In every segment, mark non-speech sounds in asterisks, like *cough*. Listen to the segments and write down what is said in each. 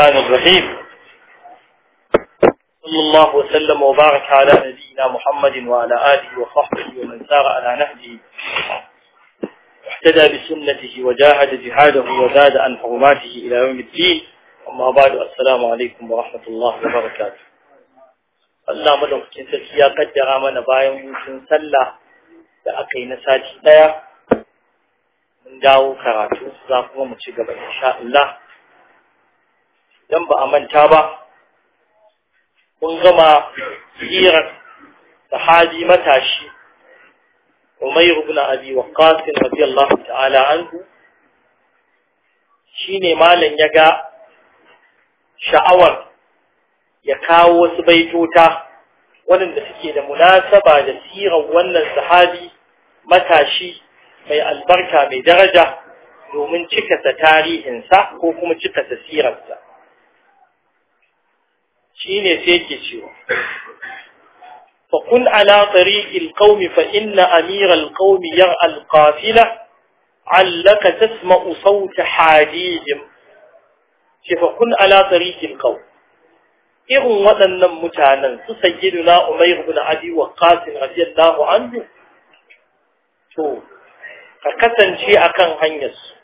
الرحمن الرحيم صلى الله وسلم وبارك على نبينا محمد وعلى آله وصحبه ومن سار على نهجه واحتدى بسنته وجاهد جهاده وزاد عن حرماته إلى يوم الدين أما بعد السلام عليكم ورحمة الله وبركاته الله مدعو sarki ya قد رامنا bayan hutun سلا da aka من داو sati daya mun dawo شاء الله Idan ba a manta ba kun gama hirar sahabi matashi Umairu ibn Abi Waqqas radiyallahu ta'ala anhu shine malam ya ga sha'awar ya kawo wasu baitota waɗanda suke da munasaba da sirar wannan sahabi matashi mai albarka mai daraja domin cikasa tarihinsa ko kuma cikasa sirarsa shine sai yake cewa فكن على طريق القوم فإن أمير القوم يرعى القافلة علك تسمع صوت حاديهم فكن على طريق القوم irin waɗannan mutanen su sayyidu na umair bin abi waqqas radiyallahu anhu to ka kasance akan hanyar su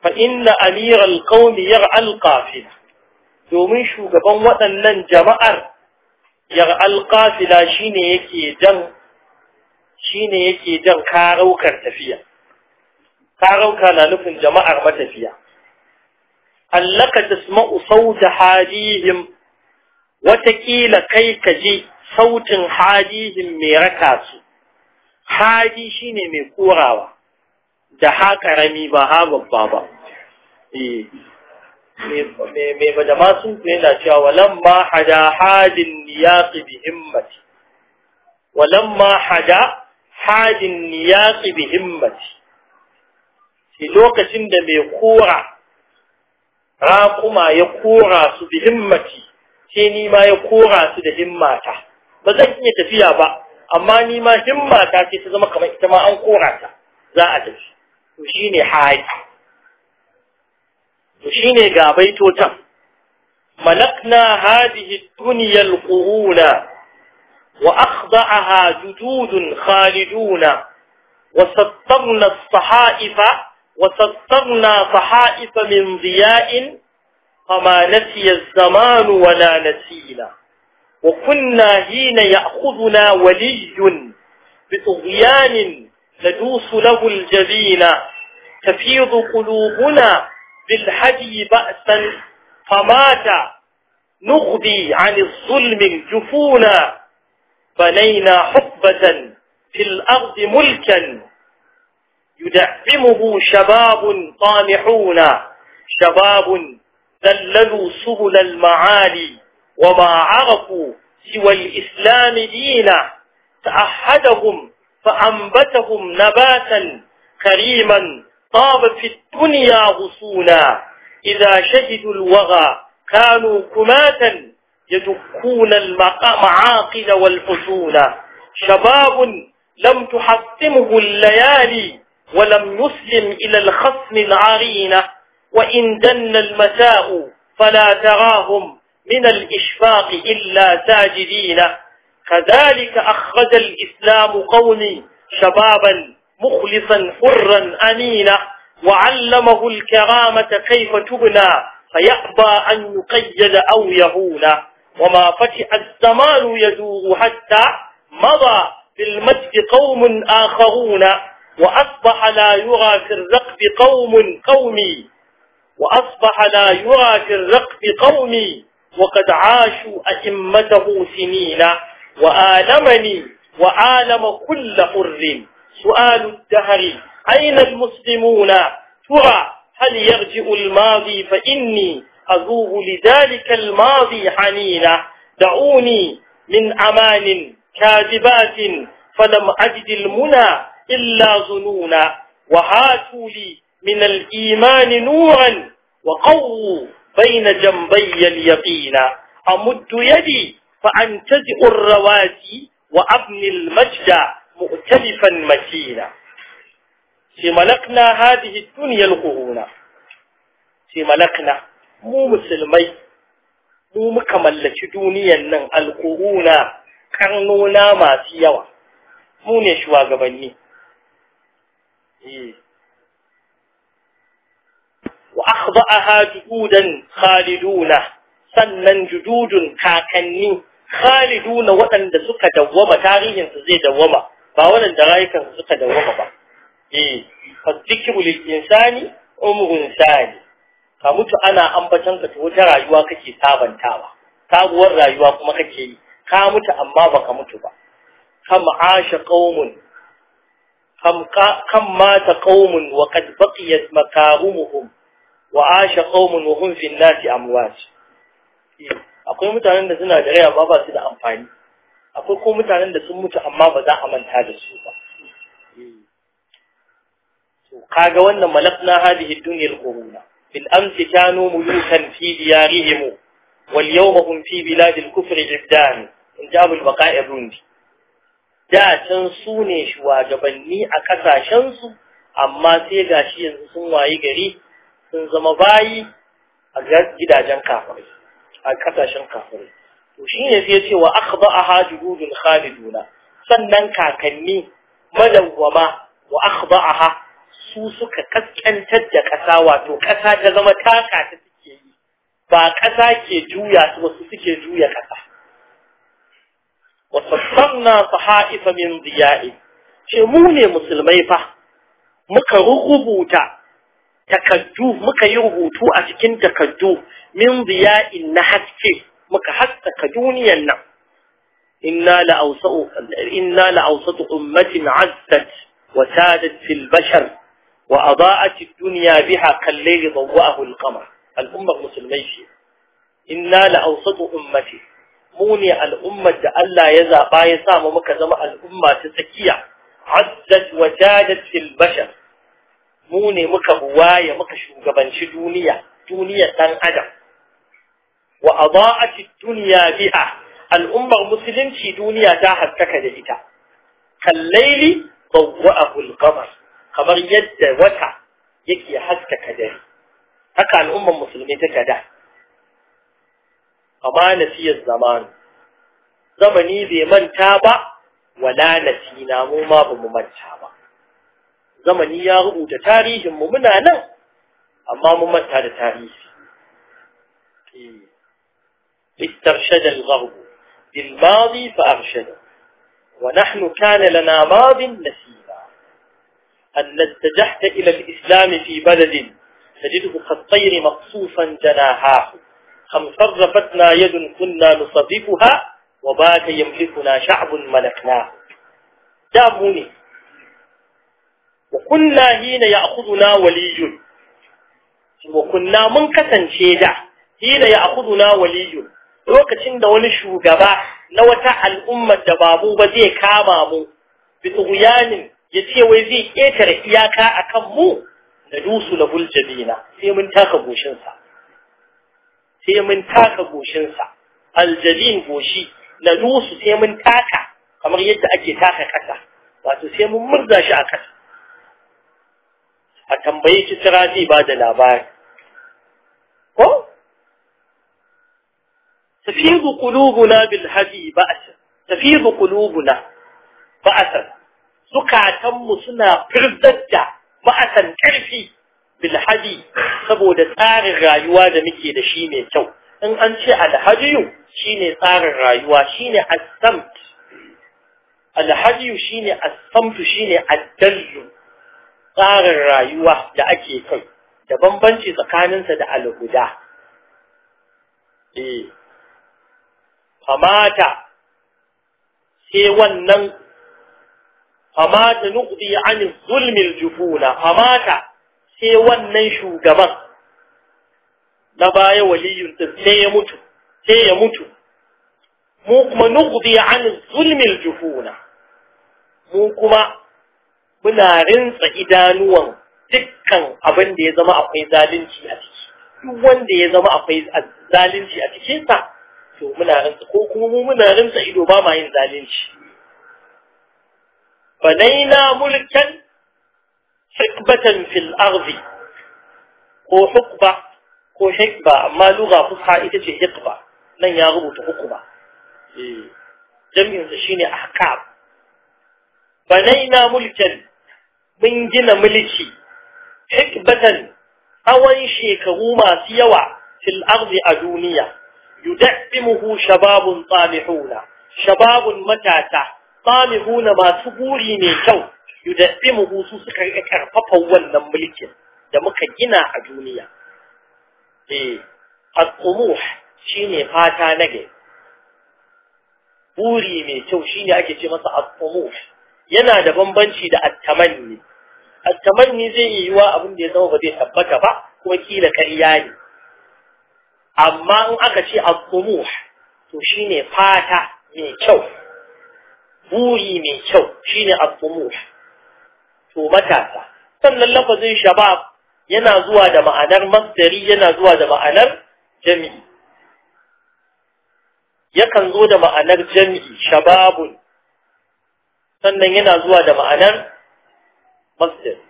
fa inna amira alqawmi yar'a alqafila domin shugaban waɗannan jama'ar ya alƙafila shine yake jan yake jan karaukar tafiya karauka na nufin jama'ar matafiya allaka tasma'u sauta hadihim watakila kai ka ji sautin hadihim mai raka su hadi shine mai korawa da haƙarami karami ba ha babba ba eh. mai majama sun yana cewa walan ma hada hadin niyaqi bi himmati walan ma hada hadin niyaqi bi himmati shi lokacin da mai ra raƙuma ya kura su bi himmati ni ma ya kura su da himmata ba zan iya tafiya ba amma ni ma himmata ce ta zama kamar ita ma an kura ta za a tafi to shine haji shine ga baitotan malakna hadhihi dunya alquruna wa akhda'aha jududun khaliduna wa sattarna as-sahaifa wa sattarna sahaifa min diya'in kama nasiya az-zamanu فما نسي الزمان ولا نسينا وكنا حين يأخذنا ولي بطغيان lahu al الجبين tafidu qulubuna بالهدي بأسا فمات نغضي عن الظلم جفونا بنينا حقبة في الأرض ملكا يدعمه شباب طامحون شباب ذللوا سبل المعالي وما عرفوا سوى الإسلام دينا تأحدهم فأنبتهم نباتا كريما طاب في الدنيا غصونا إذا شهدوا الوغى كانوا كماتا يدكون المعاقل والحصول شباب لم تحطمه الليالي ولم يسلم إلى الخصم العرينة وإن دن المساء فلا تراهم من الإشفاق إلا ساجدين كذلك أخرج الإسلام قومي شبابا مخلصا حرا أمينا وعلمه الكرامة كيف تبنى فيأبى أن يقيد أو يهونا وما فتح الزمان يدور حتى مضى في المجد قوم آخرون وأصبح لا يرى في الرقب قوم قومي وأصبح لا يرى في الرقب قومي وقد عاشوا أئمته سنين وآلمني وآلم كل حر سؤال الدهر أين المسلمون ترى هل يرجع الماضي فإني أذوب لذلك الماضي حنينا دعوني من أمان كاذبات فلم أجد المنى إلا ظنونا وهاتوا لي من الإيمان نورا وقووا بين جنبي اليقين أمد يدي فأنتزئ الرواسي وأبني المجد مؤتلفا مكينا ce malakna hadihi duniyar kuhuna ce malakna mu musulmai mu muka mallaki duniyan nan alkuhuna karnona masu yawa mu ne shugabanni wa akhda'aha jududan khaliduna sannan jududun kakanni khaliduna waɗanda suka dawwama tarihinsu zai dawwama ba wannan da rayukan suka dawwama ba eh fa zikru lil insani umrun sani ka mutu ana ambatan ka ta wata rayuwa kake sabantawa sabuwar rayuwa kuma kake yi ka mutu amma baka mutu ba kam asha qaumun kam kam mata qaumun wa qad baqiyat makarumuhum wa asha qaumun wa hum fi an-nasi amwat eh, akwai mutanen da suna da rayuwa ba su da amfani akwai ko mutanen da sun mutu amma ba za a manta da su ba kaga wannan malakna hadihi dunya al bil amsi kanu mulukan fi diyarihim wal yawma hum fi bilad al-kufr ibdan in ja abul baqa'i rundi da can su ne shugabanni a kasashen amma sai gashi yanzu sun wayi gari sun zama bayi a gidajen kafirai a kasashen kafirai to shine sai ya ce wa akhba'aha juludul khaliduna sannan kakanni madawwama wa akhba'aha su suka kaskantar da ƙasa wato ƙasa ta zama taka ta suke yi ba ƙasa ke juya su wasu suke juya ƙasa wa sassabna sahaifa min diya'i ce mu ne musulmai fa muka rubuta takaddu muka yi rubutu a cikin takaddu min diya'in na haske muka haskaka duniyan nan inna la awsa'u inna la awsatu ummatin 'azzat wa sadat fil bashar wa adaa'at ad-dunya biha kallayli dawwa'ahu al-qamar al-umma musulmai shi inna la awsatu ummati mu ne al'ummar da Allah ya zaba ya sa mu muka zama al'umma ta tsakiya azzat wa sadat fil bashar mu ne muka buwaye muka shugabanci duniya duniya dan adam وأضاءت الدنيا بها الأمة المسلمة في دنيا داهت ككذلك كالليل ضوأه القمر كما يد وكا يكي حسك كذلك هكا الأمة المسلمة تكذا كما نسي الزمان زمني ذي من تابع ولا نسينا مما بممن تابع زمني يغوط تاريخ ممنانا أما ممن تابع تاريخ Peace. إيه. استرشد الغرب بالماضي فأرشده ونحن كان لنا ماض نسيبا أن اتجهت إلى الإسلام في بلد تجده كالطير مقصوفا جناحاه صرفتنا يد كنا نصدفها وبات يملكنا شعب ملكناه دابوني وكنا حين يأخذنا ولي وكنا من كسن شيدا حين يأخذنا ولي lokacin da wani shugaba na wata al'ummar da babu ba zai kama mu bi ya ce wai zai ƙetare iyaka kan mu da dusu la buljabina sai mun taka goshinsa, sai mun taka goshinsa aljabin goshi la dusu sai mun taka kamar yadda ake taka kasa wato sai mun murza shi a kasa a tambayi kisra zai ba da labari تفيض قلوبنا بالهدي بأسا تفيض قلوبنا بأسا زكاتم مصنع فردجة بأسا كرفي بالهدي سبو دا تار الرايوة دمكي مكي دا شيني تو إن أنشي على هدي شيني تار الرايوة شيني السمت على هدي شيني السمت شيني الدل تار الرايوة دا أكي كي da bambanci tsakaninsa da alhuda. Eh, famata sai wannan famata nuqdi an zulmil jufuna famata sai wannan shugaban na baya waliyun sai ya mutu sai ya mutu mu kuma nuqdi an zulmil jufuna mu kuma muna rinsa idanuwan dukkan abin da ya zama akwai zalunci a ciki duk wanda ya zama akwai zalunci a cikin sa to muna rantsa ko kuma mu muna rantsa ido ba ma yin zalunci banaina mulkan hikbatan fil ardi ko hukba ko hikba amma lugha fusa ita ce hikba nan ya rubuta hukuma eh jami'in sa shine ahkam banaina mulkan mun gina mulki hikbatan tsawon shekaru masu yawa fil ardi a duniya yudabbimuhu shababun tsamihuna shababun matata tsamihuna masu buri mai kyau yudabbimuhu su suka rika karfafa wannan mulkin da muka gina a duniya eh al-qumuh shine fata nage buri mai kyau shine ake ce masa al yana da bambanci da at-tamanni at-tamanni zai yi wa abin da ya zama ba zai tabbata ba kuma kila ƙarya ne amma in aka ce a tumuh to ne fata mai kyau buri mai kyau ne a tumuh to matasa sannan lafazin shabab yana zuwa da ma'anar masdari yana zuwa da ma'anar jami'i yakan zo da ma'anar jami'i shababun sannan yana zuwa da ma'anar masdari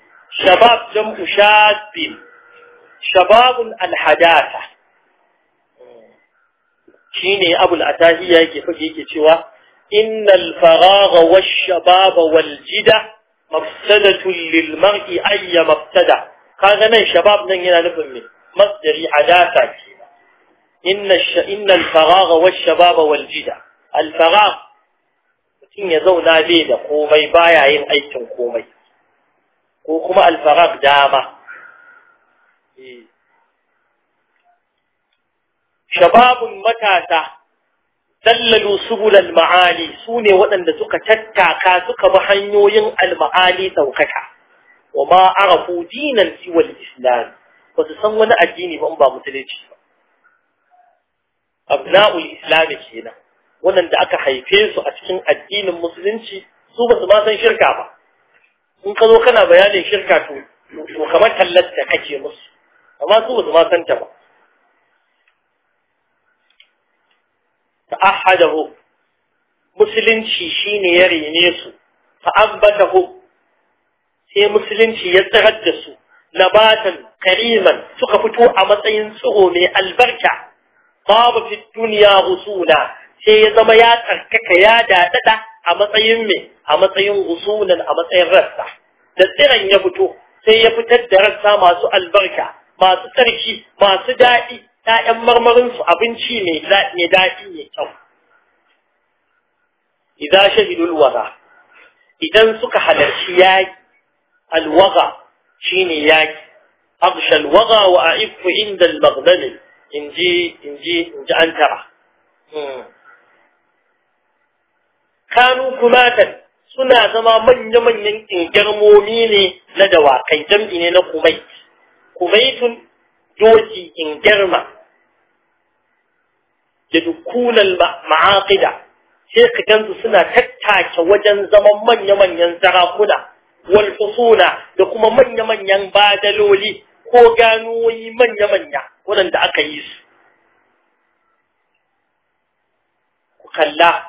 shabab jam'u shabin shababun alhadatha shine abul atahiya yake fage yake cewa innal faragha wash shabab wal jida mafsadatu lil mar'i ay mafsada kaga nan shabab nan yana nufin me masdari adaka ce inna inna faragha wash shabab wal jida al faragh mutum ya zauna bai da komai baya yin aikin komai ko kuma al faragh dama eh shababun matasa dallalu subulal ma'ali su ne waɗanda suka tattaka suka bi hanyoyin alma'ali maali ɗaukaka wa ma arafu dinan siwal islam ba su san wani addini ba in ba musulunci ba abna'ul islam kenan waɗanda aka haife su a cikin addinin musulunci su ba su ma san shirka ba in ka zo kana bayanin shirka to kamar tallar da kake musu amma su ba su ma san ta ba فأحده مسلم شيشين يرينيس فأنبته هي مسلم يتغدس نباتا كريما سقفتو أمطين سغومي البركة طاب في الدنيا غصونا هي زميات أركك يا دادة أمطين مي أمطين غصونا أمطين رسا تزرين يبتو سيبتد رسا ما سؤال بركة ما ستركي ما سدائي ‘ya'yan marmarinsu abinci mai daɗi mai kyau. Idan shahidul waza, idan suka halarci yaƙi, alwaga shi ne yaƙi, abshal waga wa a ifu inda albagdalin in ji an tara. Hmm. Kanu kumatan suna zama manya-manyan ƙingarmomi ne na dawakai, jam'i ne na kumait. Kumaitun doki in girma da dukunan ma'aƙida sai ka gansu suna tattake wajen zaman manya-manyan sarakuna walfusuna da kuma manya-manyan badaloli ko ganoyi manya-manya waɗanda aka yi su ku kalla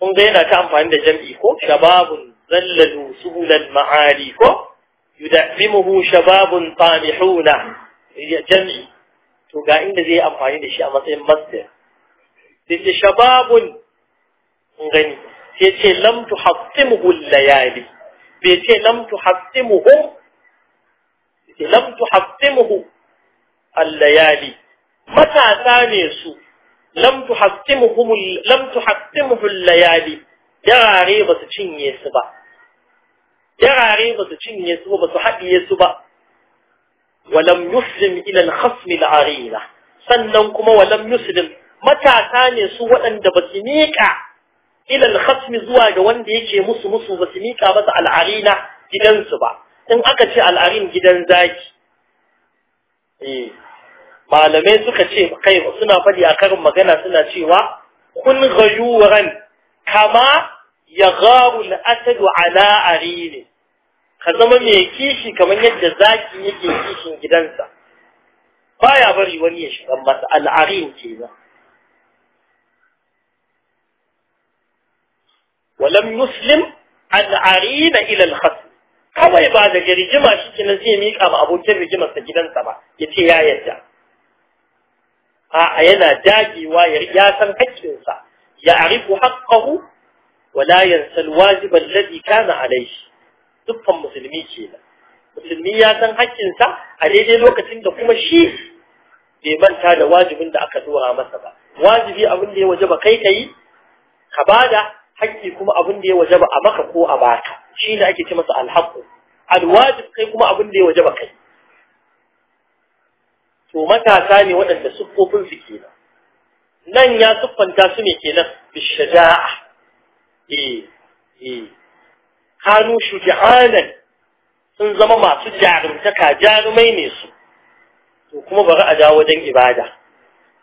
kun ga yana ta amfani da jam'i ko shababun zallalu suhulan ma'ari ko yudabimuhu shababun tamihuna jam'i to ga inda zai amfani da shi a matsayin masdar sai ce shababun gani sai ce lam tuhassimuhu layali bai ce lam tuhassimuhu sai lam tuhassimuhu al-layali matasa ne su lam tuhassimuhu lam tuhassimuhu al-layali yarare ba su cinye su ba yarare ba su cinye su ba su haɗiye su ba walam yuslim ila al-khasm sannan kuma walam yuslim matasa ne su waɗanda ba su miƙa ila al zuwa ga wanda yake musu musu ba su miƙa masa al gidansu ba in aka ce al'arin gidan zaki eh, malamai suka ce kai suna faɗi a karin magana suna cewa kun ghayuran kama ya gharu al ala arini ka zama mai kishi kamar yadda zaki yake kishin gidansa baya bari wani ya shiga masa al'arin ke ba walam muslim al'arina ila al kawai ba da rigima shi ke nan zai miƙa ma abokin rigimarsa gidansa ba ya ce ya yarda a'a yana dagewa ya san haƙƙinsa ya arifu haƙƙahu wala yansal alwajiba alladhi kana alayhi dukkan musulmi kenan musulmi ya san haƙƙinsa a daidai lokacin da kuma shi bai manta da wajibin da aka dora masa ba wajibi abin da ya waje ba kai kai ka bada haƙƙi kuma abin da ya waje ba a maka ko a baka shi ake ce masa alhaƙu alwajib kai kuma abin da ya waje ba kai to matasa ne waɗanda siffofin su kenan nan ya siffanta su ne kenan bishaja'a eh eh kanu shuja'anan sun zama masu jarumtaka jarumai ne su to kuma bari a dawo wajen ibada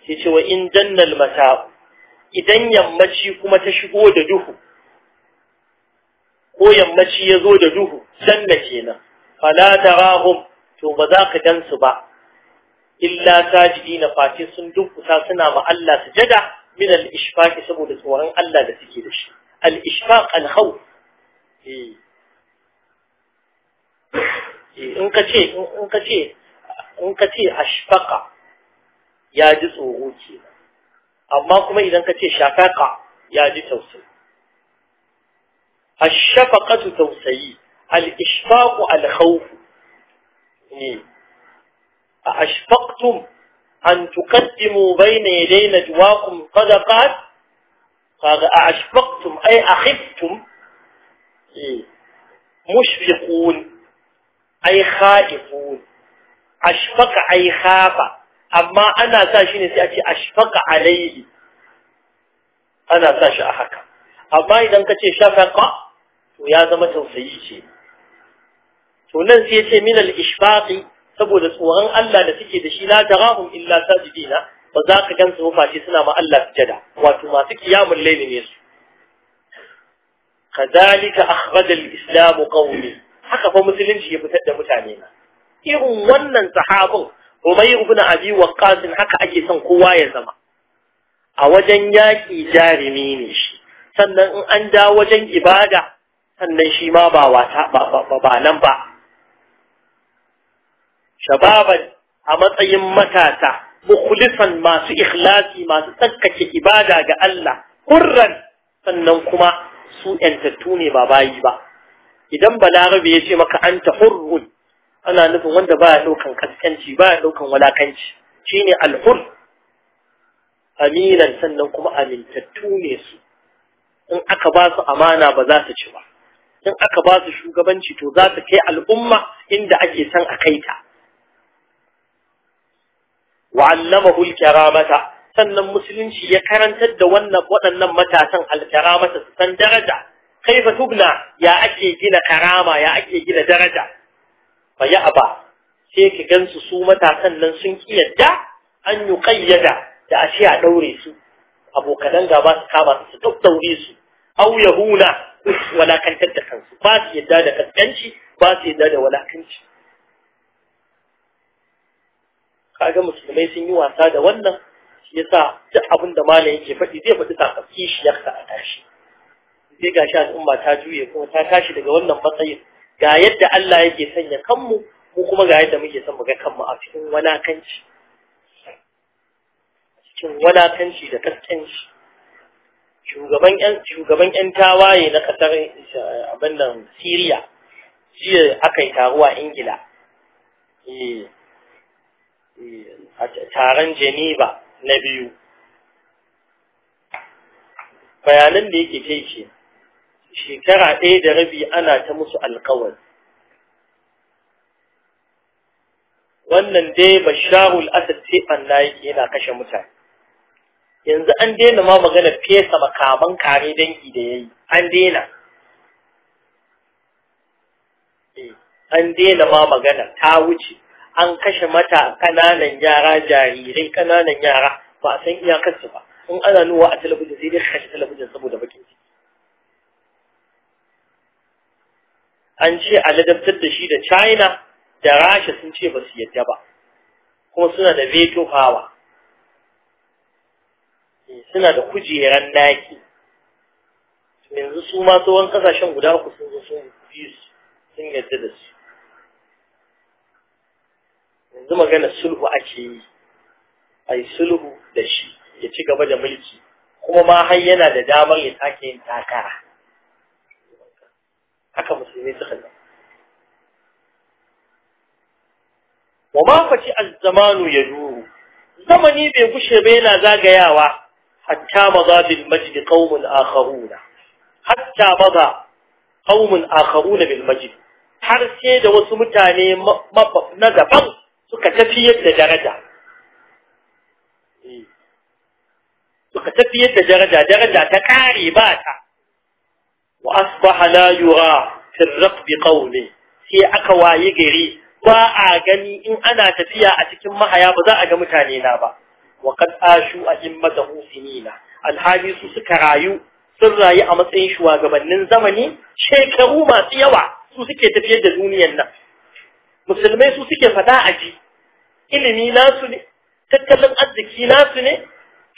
Ke ce wa in jannal mata idan yammaci kuma ta shigo da duhu ko yammaci ya zo da duhu janna kenan fala tarahum to ba za ka gan su ba illa na fati sun dukkusa suna ma Allah sujada min al-ishfaq saboda tsoron Allah da suke da shi al-ishfaq al-khawf Eh. Eh, in ka ce in ka ce ya ji tsoro ke amma kuma idan ka ce shafaqa ya ji tausayi ashfaqatu tausayi al-ishfaqu al-khawf ne eh. أأشفقتم أن تقدموا بين يدي نجواكم صدقات a أأشفقتم أي أخفتم mushfiqun ai khaifun ashfaqa ai khafa amma ana sa shi ne sai a ce ashfaqa alaihi ana sa shi a haka amma idan ka ce shafaqa to ya zama tausayi ce to nan sai ya ce min al-ishfaqi saboda tsoron Allah da suke da shi la tarahum illa sajidina ba za ka gansu mafashi suna ma Allah sujada wato masu kiyamul laili ne su kazalika akhraj al-islam qaumi haka fa musulunci ya fitar da mutane na irin wannan sahabin Umayr ibn Abi Waqqas haka ake son kowa ya zama a wajen yaƙi jarumi ne shi sannan in an da wajen ibada sannan shi ma ba wata ba nan ba shababan a matsayin matata mukhlisan masu ikhlasi masu tsarkake ibada ga Allah hurran sannan kuma su ‘yantattu ne ba bayi ba idan balarabe ya ce maka an ta hurrun ana nufin wanda ba ya ɗaukan kaskanci ba ya ɗaukan walakanci shi ne alhur aminan sannan kuma amintattu ne su in aka ba su amana ba za su ci ba in aka ba su shugabanci to za su kai al'umma inda ake son a kai ta wa'allama al mata. sannan musulunci ya karantar da wannan waɗannan matasan alkaramata su san daraja kaifa tubna ya ake gina karama ya ake gina daraja fa ya aba sai ki gansu su matasan nan sun ki yadda an yi kayyada da a ce a ɗaure su abokanan gaba su kama su duk daure su au yahuna walakantar da kansu ba su yadda da kaskanci ba su yadda da walakanci kaga musulmai sun yi wasa da wannan shi yasa duk abin da malam yake faɗi zai faɗi sakamakon shi ya a tashi sai gashi al'umma ta juye kuma ta tashi daga wannan matsayin ga yadda Allah yake sanya kanmu ko kuma ga yadda muke son mu ga kanmu a cikin walakanci cikin wanakanci da kaskanci shugaban yan shugaban yan tawaye na kasar abin nan Syria jiya aka yi taro a Ingila eh, eh a taron Geneva na biyu bayanan da yake kai ce shekara ɗaya da rabi ana ta musu alkawari wannan dai basharul asad sai anna yake yana kashe mutane yanzu an daina ma magana fesa makaman kare dangi da yayi an daina eh, an daina ma magana ta wuce an kashe mata kananan yara jarirai kananan yara ba a san iyakarsu ba in ana nuwa a talabijin sai dai kashe talabijin saboda bakin ciki an ce a ladabtar da shi da china da rasha sun ce ba su yadda ba kuma suna da veto power eh, suna da kujeran naki? yanzu su ma tsohon kasashen guda uku sun zo sun sun yadda da su yanzu magana sulhu ake yi ai sulhu da shi ya ci gaba da mulki kuma ma har yana da damar ya sake yin takara haka musulmi suka yi wa ma faci azzamanu ya duru zamani bai gushe ba yana zagayawa hatta maza bil majdi qaumun akharuna hatta maza qaumun akharuna bil majdi har sai da wasu mutane na daban suka tafiyar da daraja eh. suka tafiyar da daraja daraja ta kare ba ta wa asbaha la yura fi raqb qawli sai aka wayi gari ba a gani in ana tafiya a cikin mahaya ba za a ga mutane na ba wa qad ashu a'immatahu sinina alhali su suka rayu sun rayu a matsayin shugabannin zamani shekaru masu yawa su suke tafiyar da duniyar nan musulmai su suke fada a ji ilimi nasu ne tattalin arziki nasu ne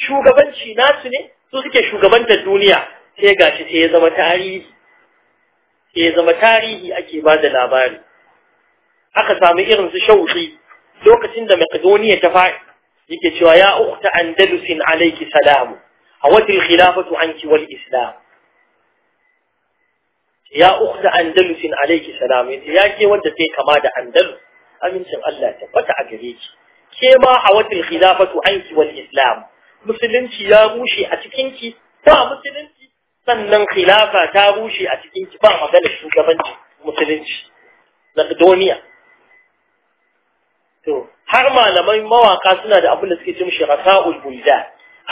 shugabanci nasu ne su suke shugabantar duniya sai gashi sai ya zama tarihi sai ya zama tarihi ake ba da labari aka samu irin su shauki lokacin da makedoniya ta faɗi yake cewa ya ukhta andalusin alaiki salamu watan khilafatu anki wal islam ya ukhta andalusin alaiki salamu ya ke wanda sai kama da andalus amincin Allah tabbata a gare ki ke ma watan khilafatu anki wal islam musulunci ya rushe a cikin ki ba musulunci sannan khilafa ta rushe a cikin ki ba magana shugabanci musulunci Macedonia to har malaman mawaka suna da abin da suke cin shi rasa'ul bulda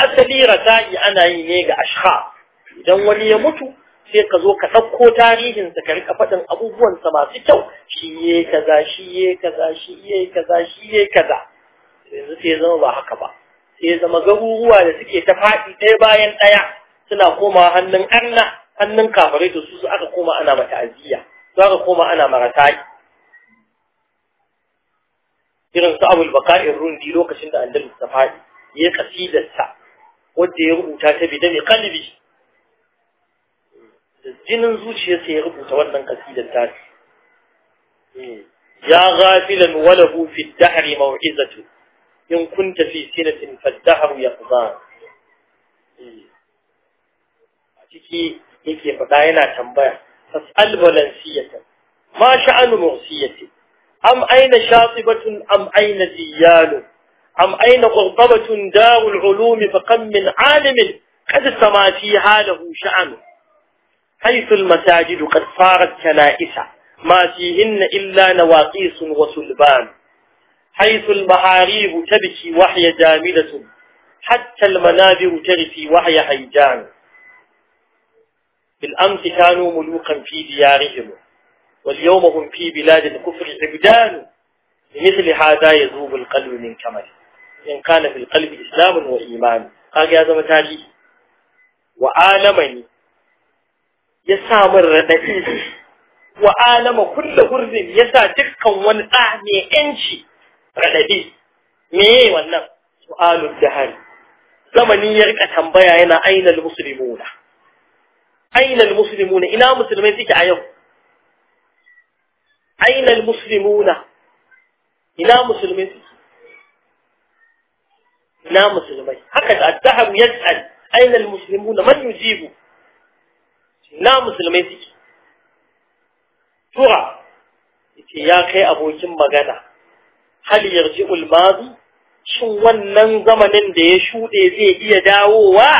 asali rasa'i ana yi ne ga ashkha idan wani ya mutu sai ka zo ka ɗauko tarihin sa ka rika faɗin abubuwansa masu kyau shi ye kaza shi ye kaza shi ye kaza shi ye kaza yanzu sai zama ba haka ba sai zama garuruwa da suke ta faɗi ɗaya bayan ɗaya suna koma hannun Allah hannun kafirai to su su aka koma ana mata aziya su aka koma ana maratayi irin su abul baka'in rundi lokacin da andalus ta faɗi ya kasidarsa wadda ya rubuta ta bi da mai kalbi jinin zuciya sai ya rubuta wannan kasidar tasi ya ghafilan walahu fi ad-dahr maw'izatu in kunta fi sinatin fa dahr yaqza a ciki yake fada yana tambaya fas'al balansiyata ma sha'anu mu'siyati am aina shatibatun am aina ziyalu am aina qurbatun darul ulumi fa kam min alimin qad samati halahu sha'anu حيث المساجد قد صارت كنائس ما فيهن إلا نواقيس وسلبان حيث المحاريب تبكي وحي جامدة حتى المنابر ترثي وحي هيجان بالأمس كانوا ملوكا في ديارهم واليوم هم في بلاد الكفر عبدان بمثل هذا يذوب القلب من كمل إن كان في القلب إسلام وإيمان قال يا زمتاني وآلمني ya sa min raɗaɗi wa alama kulla hurzin ya sa dukkan wani ɗa mai ƴanci raɗaɗi me ye wannan su'alun jahari zamani ya rika tambaya yana ainal muslimuna ainal muslimuna ina musulmai suke a yau ainal muslimuna ina musulmai suke ina musulmai haka da addahar yas'al ainal muslimuna man yujibu ina musulmai suke tura yace ya kai abokin magana hal yarji ulmazi shin wannan zamanin da ya shuɗe zai iya dawowa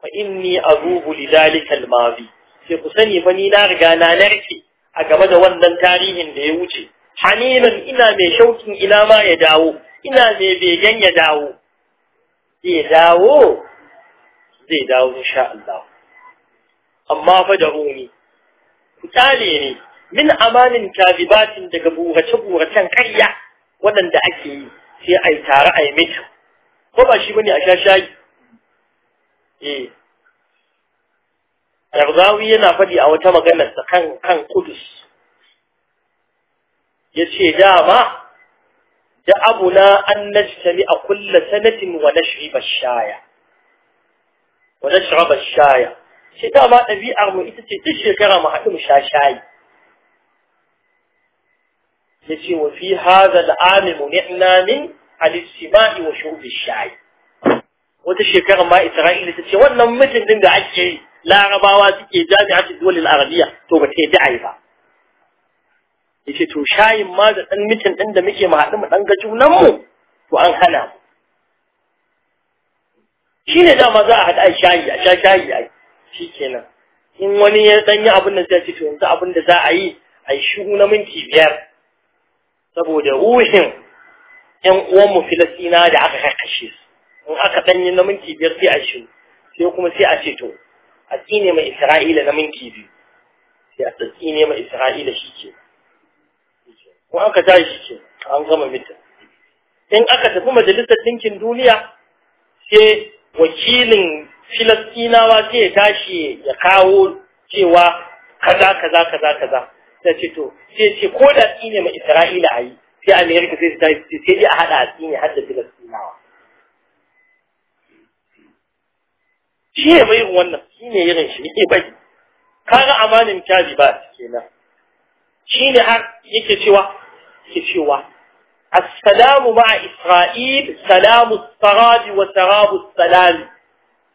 fa inni azubu lidhalika almazi sai ku sani fa ni na riga na narke a game da wannan tarihin da ya wuce haninan ina mai shaukin ina ma ya dawo ina mai begen ya dawo zai dawo zai dawo insha Allah amma fa da runi ku ne min amanin kazibatin daga burace-buracen ƙarya waɗanda ake yi sai a yi tare a yi mita. ko ba shi bane a sha shayi eh Yarzawi yana faɗi a wata maganarsa kan kan Kudus yace dama da abu na an najtami a kulla sanatin wa nashriba shaya wa shaya shi dama ɗabi'ar mu ita ce duk shekara mu haɗu mu sha shayi ya ce wa fi haza da ami mu ni'na min al-istima'i wa shurbi shayi wata shekara ma Isra'ila ta ce wannan mutum din da ake yi larabawa suke jami'atul duwalil arabiyya to ba ta yi da'ai ba yace to shayin ma da dan mitin din da muke mu haɗu mu dan ga junan mu to an hana mu shine dama za a haɗa shayi a sha shayi a kenan in wani ya dan yi abin da zai ce to yanzu abin da za a yi a yi shi na minti biyar saboda ruhin yan uwanmu filastina da aka kakashe su in aka dan yi na minti biyar sai a shi sai kuma sai a ce to a tsine mai isra'ila na minti biyu sai a tsine mai isra'ila shi ke kuma aka tashi shi ke an gama mitin in aka tafi majalisar ɗinkin duniya sai wakilin filastinawa sai ya tashi ya kawo cewa kaza kaza kaza kaza da ce to sai ce ko da tsine ma isra'ila a yi sai amerika sai ta yi sai a haɗa a tsine har da filastinawa shi ne mai wannan shi ne irin shi ne bai kaga amanin kyazi ba kenan shi ne har yake cewa yake cewa السلام مع إسرائيل سلام السراب وسراب السلام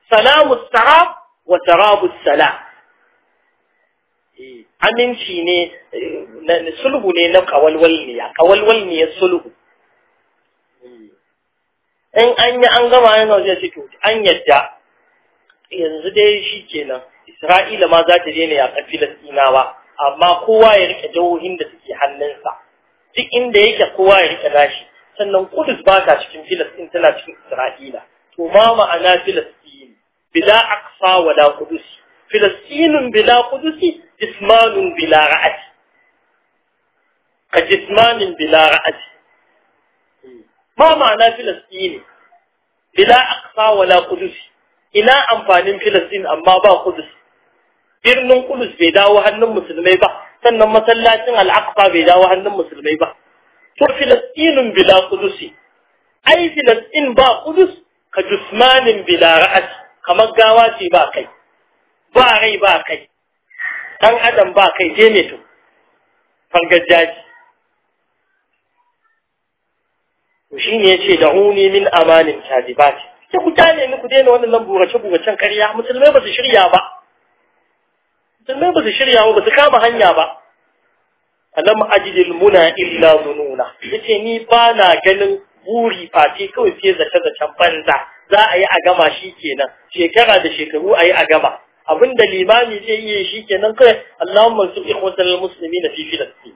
salamu sarab wa sarabu Salam. Eh. aminci ne sulhu ne na kawalwalniya kawalwalniyar sulhu eh. in an yi an gama yin hausa ce to an yadda yanzu dai shi kenan isra'ila ma za ta daina da ba, amma kowa ya rike jihohin da suke hannunsa duk inda yake kowa ya rike nashi sannan kudus ba ta cikin ɗin tana cikin isra'ila to ma ma'ana filas. بلا أقصى ولا قدس فلسطين بلا قدس جثمان بلا رأس كجثمان بلا رأس ما معنى فلسطين بلا أقصى ولا قدس إلى أنفان فلسطين أما با قدس إرن قدس بيدا وهن مسلمي با سن مسلات العقبة بيدا وهن مسلمي با فلسطين بلا قدس أي فلسطين با قدس كجثمان بلا رأس kamar gawa ce ba kai ba rai ba kai ɗan adam ba kai je ne to fargajaji to shi ne ya ce da huni min amanin ce. ke ku ta ni ku daina wannan burace buracen karya musulmai ba su shirya ba musulmai ba su shirya ba su kama hanya ba alam ajidil muna illa zununa yace ni ba na ganin buri face kawai sai zace zacen banza za a yi a gama shi kenan shekara da shekaru a yi a gama abin da limami zai yi shi kenan kai Allahumma sub ikhwatal muslimina fi filastin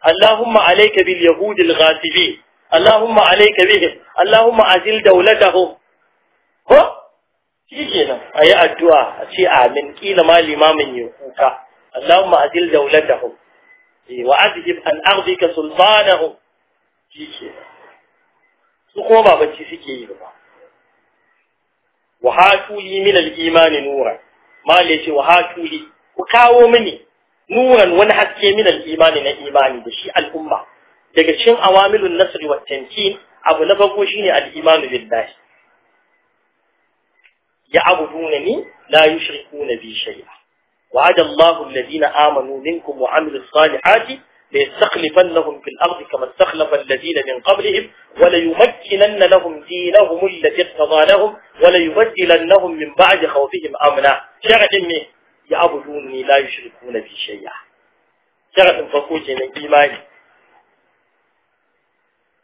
Allahumma alayka bil yahud al ghasibin Allahumma alayka bihim Allahumma azil dawlatahum ko shi kenan a yi addu'a a ce amin kila ma limamin ya kuka Allahumma azil dawlatahum eh, wa azhib an ardika sultanahum shi kenan su kuma ba suke yi ba wa hatuli min al-imani nuran mal yace wa ku kawo mini nuran wani haske min al-imani na imani da shi al'umma daga cikin awamilun nasri wa tankin abu na farko shine al imani billahi ya abuduna ni la yushrikuna bi shay'a وعد الله Amanu آمنوا wa وعملوا الصالحات ليستخلفنهم في الأرض كما استخلف الذين من قبلهم وليمكنن لهم دينهم الذي ارتضى لهم وليبدلنهم من بعد خوفهم أمنا شرط منه يعبدوني لا يشركون بي شيئا شرط فقوش من إيمان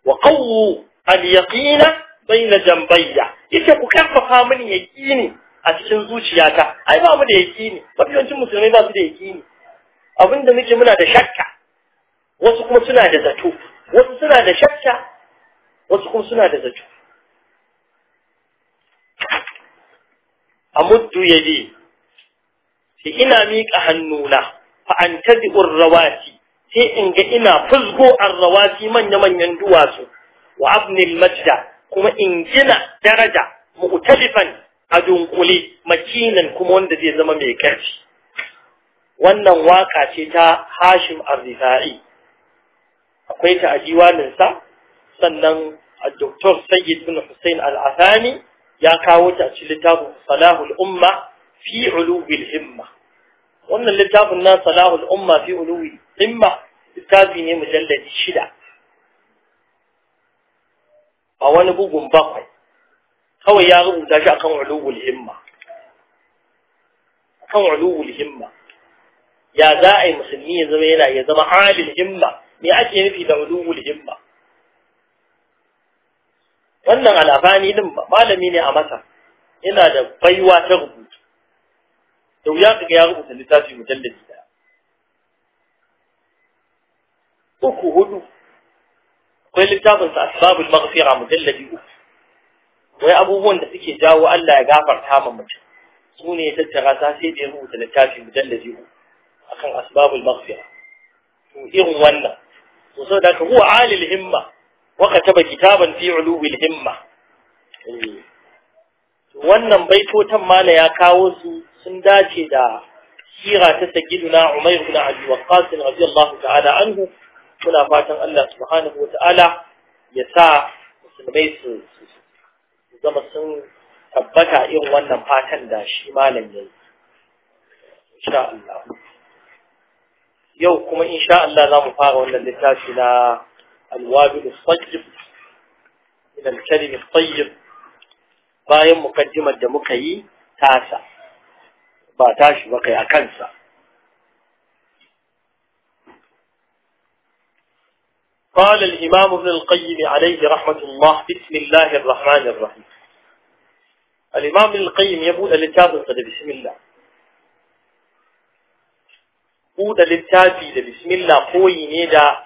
وقووا اليقين بين جنبي yake ku فهمني يقيني yaƙini a أي ما ai يقيني ما da مسلمين ما yawancin يقيني ba su da yaƙini abinda muke muna da shakka wasu kuma suna da zato wasu suna da shakka wasu kuma suna da zato amuddu yadi sai ina miƙa hannuna fa an tabi'ur rawati sai in ga ina fuzgo arrawati manya-manyan duwatsu wa abnil majda kuma in gina daraja mu'talifan a dunkule makinan kuma wanda zai zama mai ƙarfi wannan waka ce ta Hashim Ar-Rifa'i akwai ta a diwaninsa sannan a doktor sayyid bin hussein al'athani ya kawo ta a cikin littafin salahul umma fi ulubil himma wannan littafin na salahul umma fi ulubil himma littafi ne mujalladi shida a wani bugun bakwai kawai ya rubuta shi akan ulubul himma akan ulubul himma ya za a yi musulmi ya zama yana ya zama alil himma me ake nufi da ulumul himma wannan al'abani din malami ne a masa yana da baiwa ta rubutu da wuya kaga ya rubuta littafi mujalladi daya uku hudu akwai littafin sa asbabul maghfira mujalladi uku wai abubuwan da suke jawo Allah ya gafarta ma mutum sune ya tattara ta sai da ya rubuta littafi mujalladi uku akan asbabul maghfira to irin wannan so da huwa alil himma wa taba kitaban fi ulubil himma wannan baitotan mala ya kawo su sun dace da sira ta sayyiduna umayr ibn abi waqqas radiyallahu ta'ala anhu kuna fatan Allah subhanahu wa ta'ala ya sa musulmai su zama sun tabbata irin wannan fatan da shi malam yayi insha Allah yau kuma insha Allah za mu fara wannan littafi na alwabi musajjib ila kalimi tayyib bayan mukaddimar da muka yi tasa ba tashi ba kai a kansa قال الإمام ابن القيم عليه رحمة الله بسم الله الرحمن الرحيم الإمام ابن القيم يقول لتابع بسم الله buɗe littafi da bismillah koyi ne da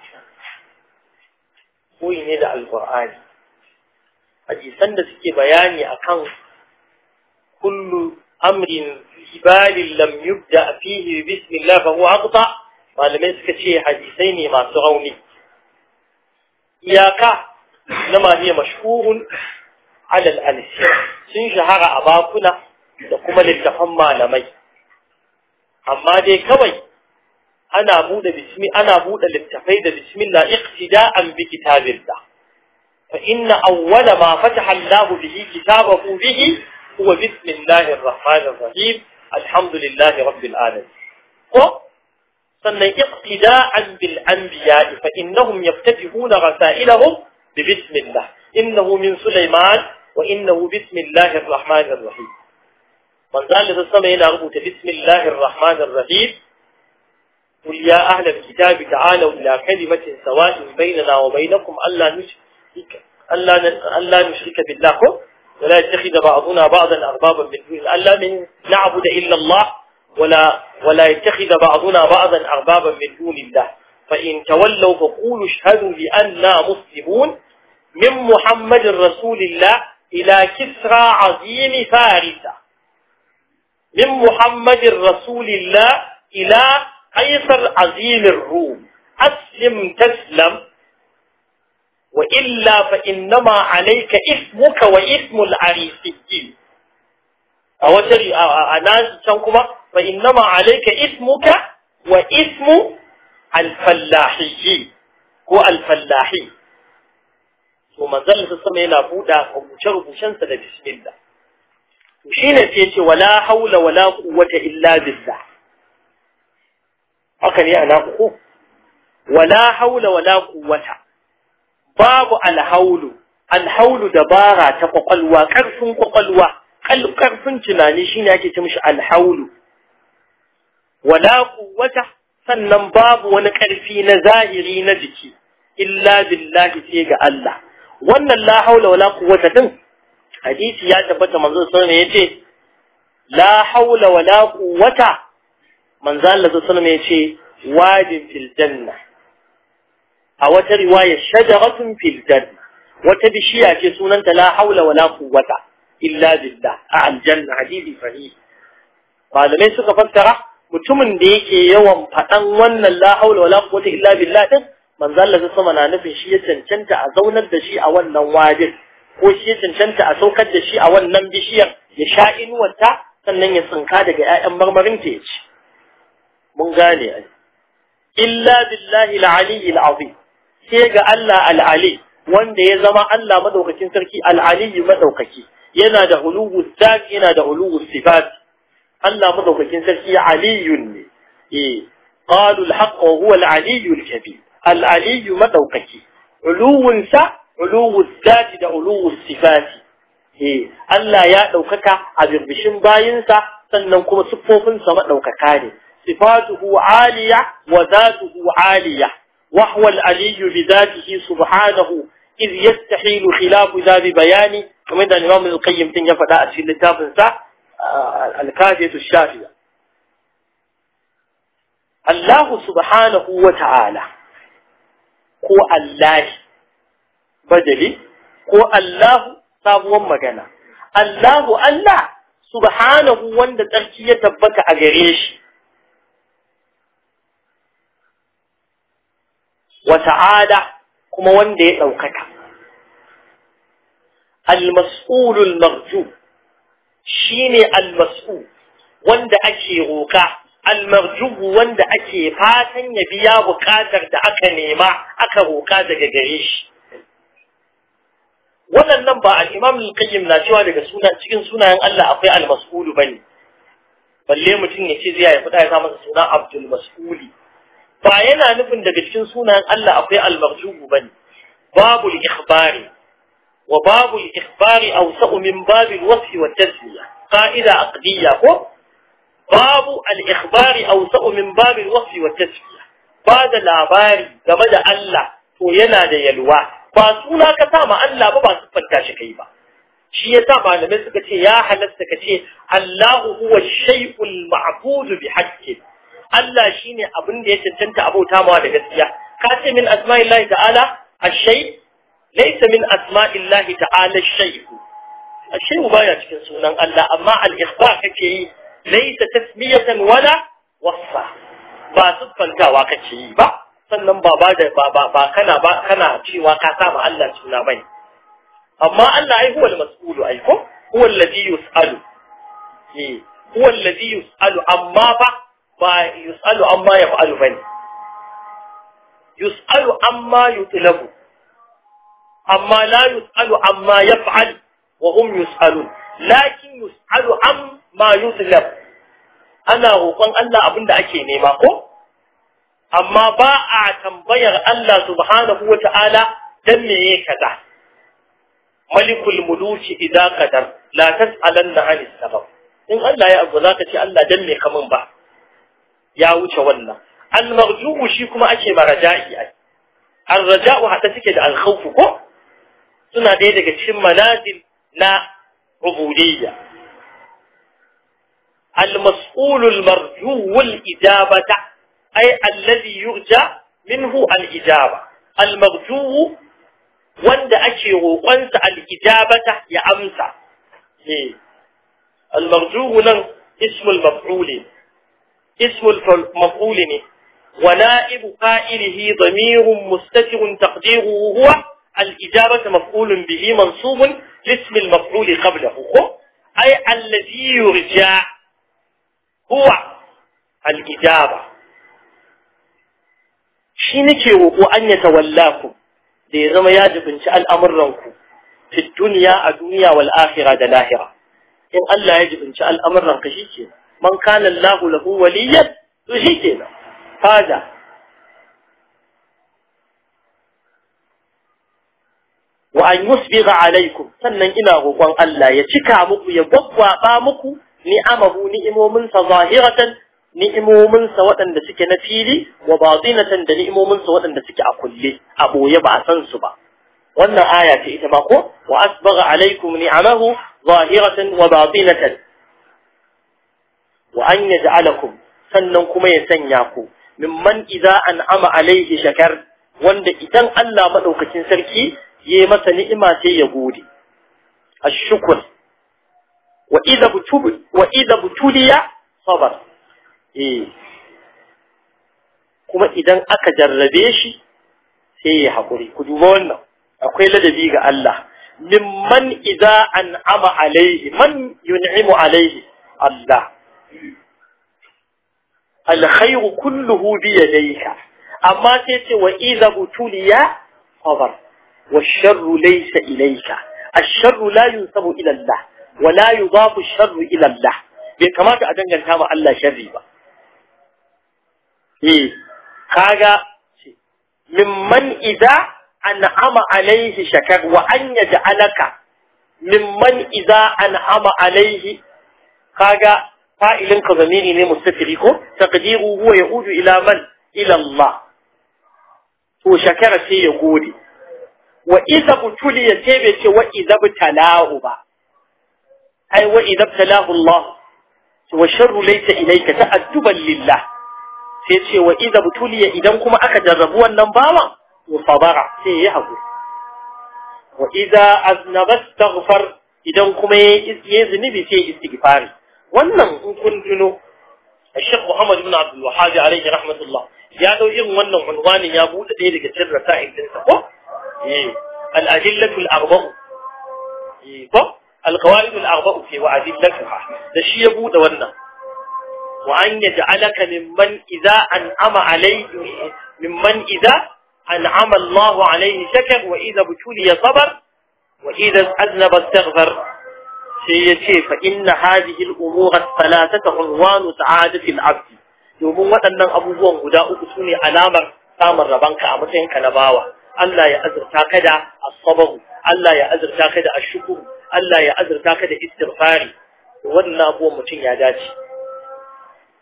koyi ne da alƙur'ani hadisan da suke bayani akan kullu amrin ibalin lam yubda fihi bismillah fa huwa aqta malamai suka ce hadisai ne masu rauni iyaka na ne mashhurun alal alsi sun shahara a bakuna da kuma littafan malamai amma dai kawai ana bude bismi ana bude littafai da bismillah iqtida'an bi kitabillah fa inna awwala ma fataha Allah bihi kitabahu bihi huwa bismillahir rahmanir rahim alhamdulillahi rabbil alamin ko sannan iqtida'an bil anbiya fa innahum yaftatihuna rasailahum bi bismillah innahu min sulaiman wa innahu bismillahir rahmanir rahim manzo Allah sama yana rubuta bismillahir rahmanir rahim قل يا أهل الكتاب تعالوا إلى كلمة سواء بيننا وبينكم ألا نشرك ألا نشرك بالله ولا يتخذ بعضنا بعضا أربابا من دون ألا من نعبد إلا الله ولا ولا يتخذ بعضنا بعضا أربابا من دون الله فإن تولوا فقولوا اشهدوا بانا مسلمون من محمد رسول الله إلى كسرى عظيم فارس من محمد رسول الله إلى قيصر عظيم الروم أسلم تسلم وإلا فإنما عليك إثمك وإثم العريسيين أو تري أنا شنكما فإنما عليك إثمك وإثم الفلاحيين هو الفلاحي ثم ظل في السماء إلى بودا ومشرب شمس بسم الله وشين تيتي ولا حول ولا قوة إلا بالله haka ne ana ko wala haula wala quwwata babu alhaulu alhaulu dabara ta kwakwalwa ƙarfin kwakwalwa ƙarfin tunani shine ake ce mishi alhaulu wala quwwata sannan babu wani ƙarfi na zahiri na jiki illa billahi sai ga Allah wannan la haula wala quwwata din hadisi ya tabbata manzo sallallahu alaihi wasallam yace la haula wala quwwata manzo Allah sallallahu ya ce wadin fil janna a wata riwaya shajaratun fil janna wata bishiya ce sunanta la haula wala quwwata illa billah a aljanna hadisi sahih malamai suka fassara mutumin da yake yawan faɗan wannan la haula wala quwwata illa billah din manzo Allah sama na nufin shi ya cancanta a zaunar da shi a wannan wajen ko shi ya cancanta a saukar da shi a wannan bishiyar ya sha inuwarta sannan ya tsinka daga 'ya'yan marmarin ta ya ci mun gane ai illa billahi al-ali al-azim sai ga Allah al-ali wanda ya zama Allah madaukakin sarki al-ali madaukaki yana da uluwu zat yana da uluwu sifat Allah madaukakin sarki aliyun ne eh qalu al-haqq wa huwa al-ali al-kabir al-ali madaukaki uluwun sa uluwu zat da uluwu sifat eh Allah ya daukaka a birbishin bayinsa sannan kuma siffofinsa madaukaka ne صفاته عالية وذاته عالية وهو العلي بذاته سبحانه إذ يستحيل خلاف ذا ببيانه ومن أن الإمام القيم تنجف لا الكتاب لتابنسا الكافية الشافية الله سبحانه وتعالى هو الله بدلي هو الله صاب magana الله الله سبحانه wanda tsarki ya tabbata wa ta'ala kuma wanda ya ɗaukaka al-mas'ulul marju shine al-mas'ul wanda ake roka al-marju wanda ake fatan ya biya buƙatar da aka nema aka roka daga gare shi Wannan ba al-imam al-qayyim na cewa daga suna cikin sunayen Allah akwai al ba bane balle mutum ya ce zai ya fada ya sa masa sunan Abdul Mas'uli ba yana nufin daga cikin sunayen Allah akwai al-maghdubu bane babu al-ikhbari wa babu al-ikhbari awsa'u min babu al-wasf wa tasmiya qa'ida aqdiyya ko babu al-ikhbari awsa'u min babu al-wasf wa tasmiya ba da labari game da Allah to yana da yalwa ba suna ka sa ma Allah ba ba siffanta shi kai ba shi ya sa malamai suka ce ya halatta ka ce Allahu huwa shay'ul ma'budu bi haqqin Allah shi ne abin da ya cancanta abota, mawa da gaskiya ka ce min asma'illahi ta'ala ash-shay Laisa min asma'illahi ta'ala ash-shay ash-shay baya cikin sunan Allah amma al kake yi laysa tasmiyatan wala wasa. ba siffantawa kake yi ba sannan ba ba da ba ba kana ba kana cewa ka sama Allah suna bane amma Allah ai huwal mas'ulu ai ko huwal ladhi yus'alu eh huwal ladhi yus'alu amma ba ba yus'alu amma yaf'alu bane yus'alu amma yutlabu amma la yus'alu amma yaf'al wa hum yusalu. lakin yus'alu amma yutlab ana roƙon Allah abinda ake nema ko amma ba a tambayar Allah subhanahu wa ta'ala dan meye kaza malikul muluki idza qadar la tas'alanna 'anil sabab in Allah ya abu zaka ce Allah dan me kamun ba ya wuce wannan al-marju'u shi kuma ake maraja'i ai al-raja'u hatta take da al-khawfu ko suna ɗaya daga cikin manazil na ubudiyya al-mas'ul al-marjuu wal-ijabata ay alladhi yurja minhu al-ijaba al يرجى wanda ake roƙonsa al-ijabata ya amsa eh al المرجو nan ismul maf'ulin اسم المفعول ونائب قائله ضمير مستتر تقديره هو الإجابة مفعول به منصوب لاسم المفعول قبله هو أي الذي يرجع هو الإجابة شنكي وأن يتولاكم لغم يجب أن شاء الأمر لكم في الدنيا الدنيا والآخرة دلاهرة إن الله يجب أن شاء الأمر لكم من كان الله له وليا تشيكينا هذا وأن يسبغ عليكم سنن إنا غوان ألا يتكا مكو يبقوا بامكو نعمه نئمو منسا ظاهرة نئمو منسا وطن دسك نفيلي وباطنة دنئمو منسا وطن دسك أقول لي أبو يبع سنسبا وأن آياتي إتماكو وأسبغ عليكم نعمه ظاهرة وباطنة wa an yaj'alakum sannan kuma ya sanya ku mimman idza an'ama alaihi shakar wanda idan Allah madaukakin sarki yayi masa ni'ima sai ya gode ashkur wa idza butubi wa idza butuliya sabar eh kuma idan aka jarrabe shi sai ya hakuri ku duba wannan akwai ladabi ga Allah mimman idza an'ama alaihi man yun'imu alaihi Allah الخير كله بيديك أما تيتي وإذا ابتلي صبر والشر ليس إليك الشر لا ينسب إلى الله ولا يضاف الشر إلى الله bai kamata a danganta ma Allah sharri ba eh kaga mimman idza an'ama alaihi shakar wa an yaj'alaka mimman idza an'ama alaihi kaga fa'ilin ka zamiri ne mustatiri ko taqdiru huwa yaudu ila man ila Allah to shakara sai ya gode wa idza butuliya sai bai ce wa idza butalahu ba ai wa idza butalahu Allah wa sharru laysa ta ta'adduban lillah sai ce wa idza butuliya idan kuma aka jarrabu wannan bawan to sabara sai ya hagu wa idza aznaba istaghfar idan kuma ya zunubi sai istighfari wannan in kun tuno Sheikh Muhammad ibn Abdul Wahhab alayhi rahmatullah ya dau irin wannan unwanin ya bude ɗaya daga cikin rasail din sa ko eh al ajillatu al arba'u eh ko al qawaid al arba'u fi wa ajillatuha da shi ya bude wannan wa an yaj'alaka mimman idza an'ama alayhi mimman idza an'ama Allah alayhi shakar wa idza butuli sabar wa idza aznaba astaghfar sai ya ce fa inna hadhihi al-umura ta unwanu sa'adati al domin waɗannan abubuwan guda uku sune alamar samun rabanka a matsayin na bawa Allah ya azurta ka da as Allah ya azurta ka da ash Allah ya azurta ka da istighfari wannan abubuwan mutum ya dace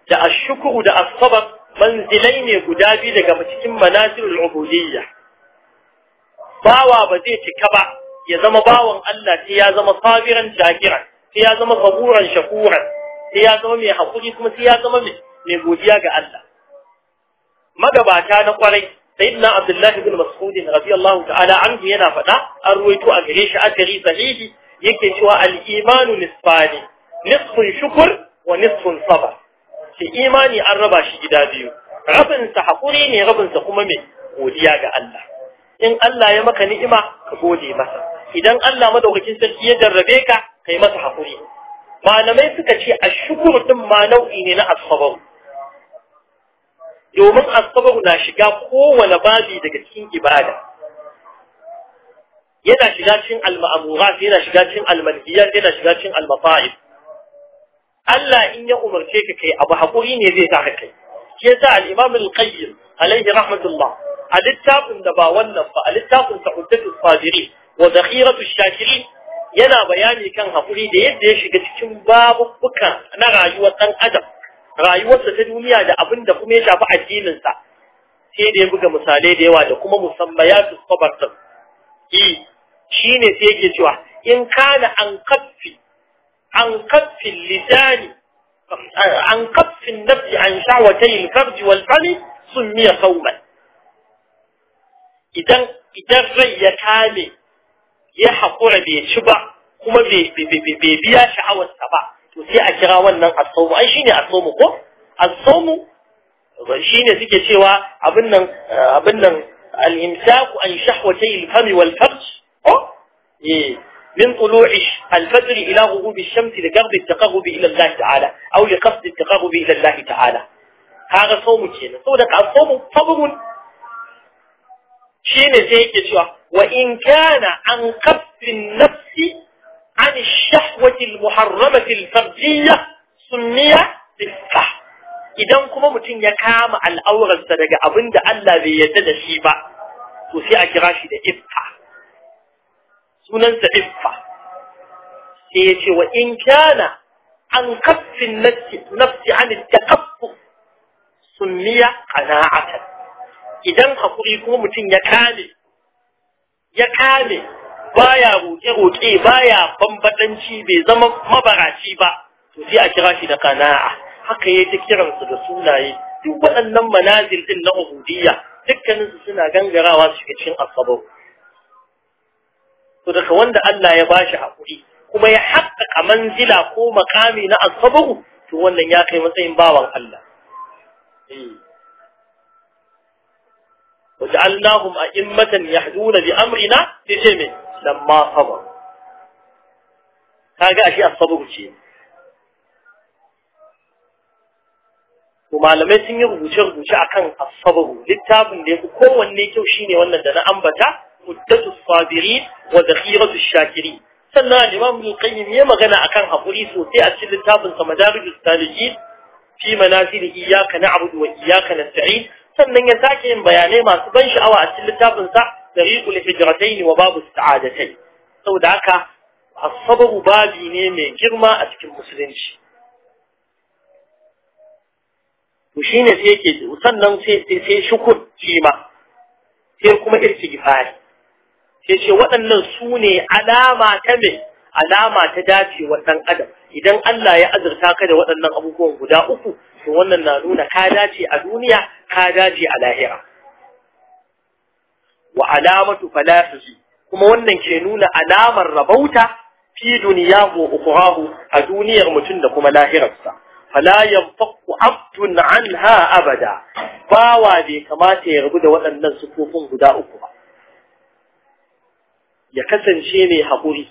da Ashukuru da as manzilai ne guda biyu daga cikin manazilul ubudiyya bawa ba zai cika ba ya zama bawan Allah sai ya zama sabiran shakiran sai ya zama saburan shakuran sai ya zama mai hakuri kuma sai ya zama mai godiya ga Allah magabata na kwarai sayyidina Abdullah ibn Mas'ud radiyallahu ta'ala anhu yana faɗa an ruwaito a gare shi asiri sahihi yake cewa al-imanu nisfani nisfun shukr wa nisfun sabr shi imani an raba shi gida biyu rabinsa hakuri ne rabinsa kuma mai godiya ga Allah in Allah ya maka ni'ima ka gode masa idan Allah madaukakin sarki ya jarrabe ka kai masa hakuri malamai suka ce a shukur din ma nau'i ne na asabar domin asabar na shiga kowane babi daga cikin ibada yana shiga cikin al-ma'murat yana shiga cikin al-manhiyat yana shiga cikin al-mafa'id Allah in ya umarce ka kai abu hakuri ne zai sa kai shi yasa al-imam al-qayyim alaihi rahmatullah a littafin da ba wannan ba a littafin sa hujjatul wa zakhiratu shakiri yana bayani kan hakuri da yadda ya shiga cikin babubuka na rayuwar dan adam rayuwarsa ta duniya da abin da kuma ya shafi addinin sa sai da ya buga misalai da yawa da kuma musammayatu sabar Yi e, shine sai yake cewa in kana an kaffi an kaffi lisani an kaffi nafsi an shawatai farji wal sun miya qauman idan idan rai ya kame ya haƙura bai ci ba kuma bai biya sha'awarsa ba to sai a kira wannan asomu ai shine asomu ko asomu shine suke cewa abin nan abin nan al-imsaku an shahwatay al-fam wal farj ko eh من طلوع الفجر إلى غروب الشمس لقرض التقرب إلى الله تعالى أو لقصد التقرب إلى الله تعالى هذا صوم كينا صوم صبر shine sai yake cewa wa in kana an qaffin nafsi an ash-shahwati al-muharramati al-fardiyya summiya bisfa idan kuma mutum ya kama al'aurarsa daga abin da Allah bai yarda da shi ba to sai a kira shi da iffa sunansa iffa sai ya ce wa in kana an qaffin nafsi nafsi an at-taqaffu sunniya qana'atan idan haƙuri kuma mutum ya kame ya kame baya roƙe-roƙe baya bambadanci bai zama mabaraci ba to sai a kira shi da kana'a haka ya ta kiransu da sunaye duk waɗannan manazil din na ubudiyya dukkaninsu suna gangarawa su cikin asabau to daga wanda Allah ya bashi haƙuri kuma ya haƙƙaƙa manzila ko makami na asabau to wannan ya kai matsayin bawan Allah eh وجعلناهم أئمة يهدون بأمرنا تسمي لما صبر هذا أشياء الصبر شيء malamai sun yi rubuce-rubuce a kan asabaru littafin da ya kowanne kyau shine wannan da na ambata muddatu sabiri wa zakhiratu shakiri sannan imam ibn qayyim ya magana akan hakuri sosai a cikin littafin sa madarijus salihin na manazil iyyaka na'budu wa iyyaka nasta'in sannan ya sake yin bayanai masu ban sha'awa a cikin littafin sa riƙul hijratain wa babu sa'adatain saboda haka asbabu babi ne mai girma a cikin musulunci to shine sai yake sannan sai sai shukur shi ma sai kuma istighfari sai ce waɗannan su ne alama ta me alama ta dace ɗan adam idan Allah ya azurta ka da waɗannan abubuwan guda uku to wannan na nuna ka dace a duniya ka dace a lahira wa alamatu falasihi kuma wannan ke nuna alamar rabauta fi duniyahu wa ukhrahu a duniyar mutum da kuma lahirarsa fala yanfaqu abdun anha abada bawa bai kamata ya rabu da waɗannan sufofin guda uku ba ya kasance mai haƙuri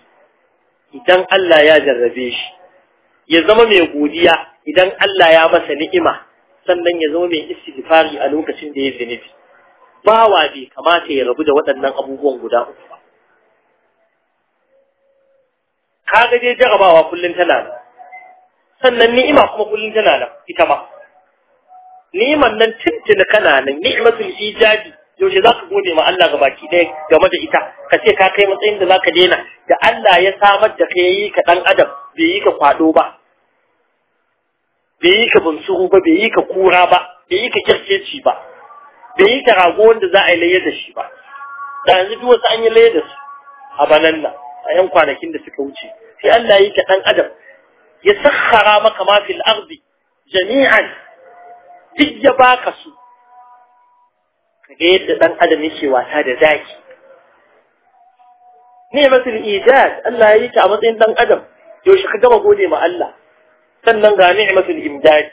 idan Allah ya jarrabe shi ya zama mai godiya idan Allah ya masa ni'ima sannan ya zama mai istighfari a lokacin da ya zunubi bawa bai kamata ya rabu da waɗannan abubuwan guda uku ba kaga dai jarabawa kullum tana nan sannan ni'ima kuma kullum tana nan ita ma ni'iman nan tuntuni kana nan ni'imatul ijabi yaushe za ka gode ma Allah baki ɗaya game da ita ka ce ka kai matsayin da za ka daina da Allah ya samar da kai yi ka ɗan adam bai yi ka kwaɗo ba bai yi ka bunsuru ba bai yi ka kura ba bai yi ka kirkeci ba bai yi ka rago wanda za a yi laye da shi ba da yanzu duk wasu an yi laye da su a banan nan a yan kwanakin da suka wuce sai Allah yi ka dan adam ya sakhara maka ma fil ardi jami'an duk ya baka su kaga yadda dan adam yake wasa da zaki ne masu ijaz Allah ya yi ta a matsayin dan adam yaushe ka gama gode ma Allah sannan ga ni'matul imdad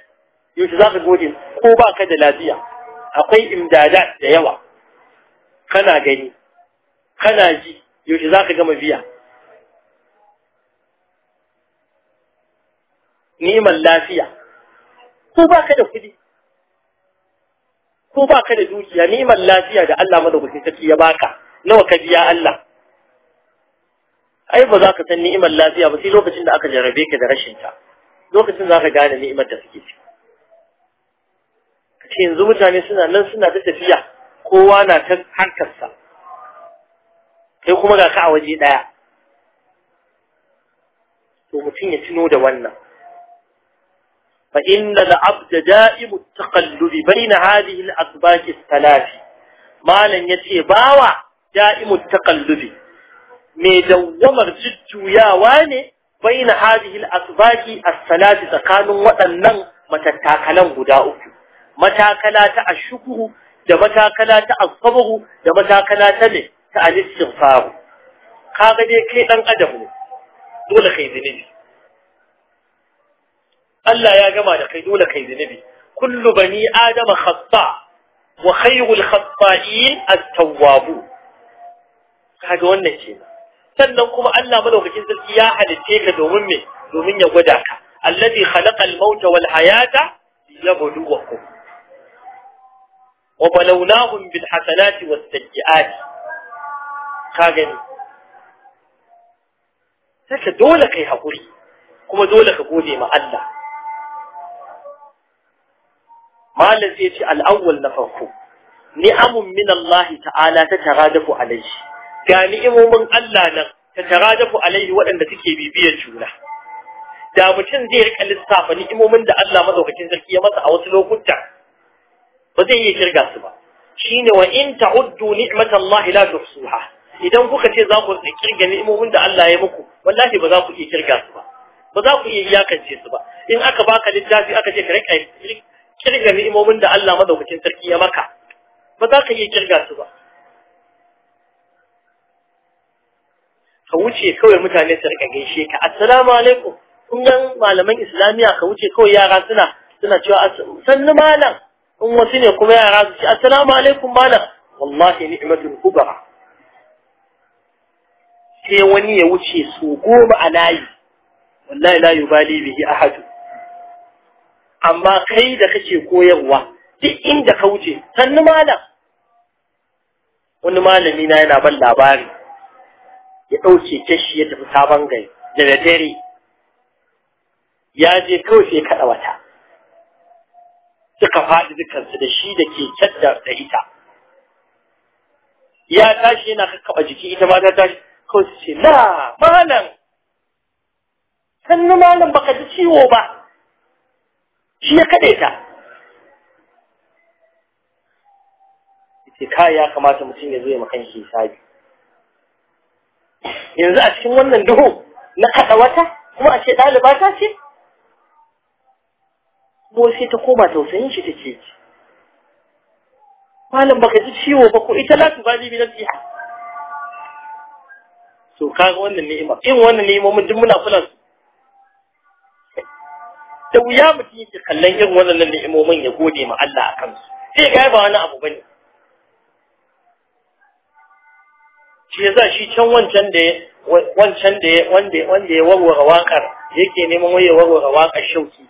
yaushe za ka gode ko ba ka da lafiya akwai imdada da yawa kana gani kana ji yaushe za ka gama biya ni'mal lafiya ko ba ka da kuɗi ko ba ka da dukiya ni'mal lafiya da Allah madaukakin sarki ya baka nawa ka biya Allah ai ba za ka san ni'imar lafiya ba sai lokacin da aka jarabe ka da rashin ta lokacin za ka gane ni'imar da suke ci kace yanzu mutane suna nan suna ta tafiya kowa na ta hankarsa sai kuma ga ka a waje daya to mutun ya tuno da wannan fa inna la abd da'im at-taqallub bayna hadhihi al-asbaq al-thalath malan yace bawa da'im at-taqallub me dawwamar jujjuyawa ne بين هذه الأسباك الثلاثة كانوا وأنن متاكلا غدا أكو متاكلا تأشكه دا متاكلا تأصبه دا متاكلا تلي تأل السغفار قابلي كي أنقدم دول خيد نبي ألا يا جماعة دول خيد نبي كل بني آدم خطاء وخير الخطائين التوابون هذا هو النجيب sannan kuma Allah madaukakin sarki ya halitte ka domin me domin ya gwada ka alladhi khalaqa al-maut wal hayata liyabluwakum wa balawnahum bil hasanati was sayyi'at ka gani saka dole kai hakuri kuma dole ka gode ma Allah malam zai ce al-awwal na farko amun min Allah ta'ala ta taradafu alaihi ga ni'imomin Allah nan ta taradafu alaihi waɗanda suke bibiyar juna da mutum zai rika lissafa ni'imomin da Allah madaukakin sarki ya masa a wasu lokuta ba zai iya kirga su ba Shi shine wa in ta'uddu ni'matallahi la tuhsuha idan kuka ce za ku kirga ni'imomin da Allah ya muku wallahi ba za ku iya kirga su ba ba za ku iya iyakance su ba in aka baka littafi aka ce ka rika kirga ni'imomin da Allah madaukakin sarki ya maka ba za ka iya kirga su ba ka wuce kawai mutane su rika gaishe ka assalamu alaikum kun ga malaman islamiya ka wuce kawai yara suna suna cewa sannu malam in wasu ne kuma yara su ce assalamu alaikum malam wallahi ni'matul kubra sai wani ya wuce su goma a layi wallahi la yubali bihi ahadu amma kai da kake koyarwa duk inda ka wuce sannu malam wani malami na yana ban labari ya ɗauke kashi ya tafi sabon gari da dare. ya je kawai sai kaɗa wata suka faɗi dukansu da shi da ke cadda da ita ya tashi yana kakkaɓa jiki ita ma ta tashi kawai su ce na malam sannu malam baka ji ciwo ba shi ya kaɗe ta Ita kai ya kamata mutum ya zo ya makan sabi yanzu a cikin wannan duhu na kada wata kuma a ce ɗaliba ta ce kuma sai ta koma tausayin shi take ce malam baka ji ciwo ba ko ita lati ba bali bidan tiha to kaga wannan ni'ima in wannan ni'imomin duk muna kula su da wuya mutum yake kallon irin wannan ni'imomin ya gode ma Allah a kansu sai ga ba wani abu bane shi yasa shi can wancan da wancan da wanda wanda ya warware waƙar yake neman waye warware waƙar shauki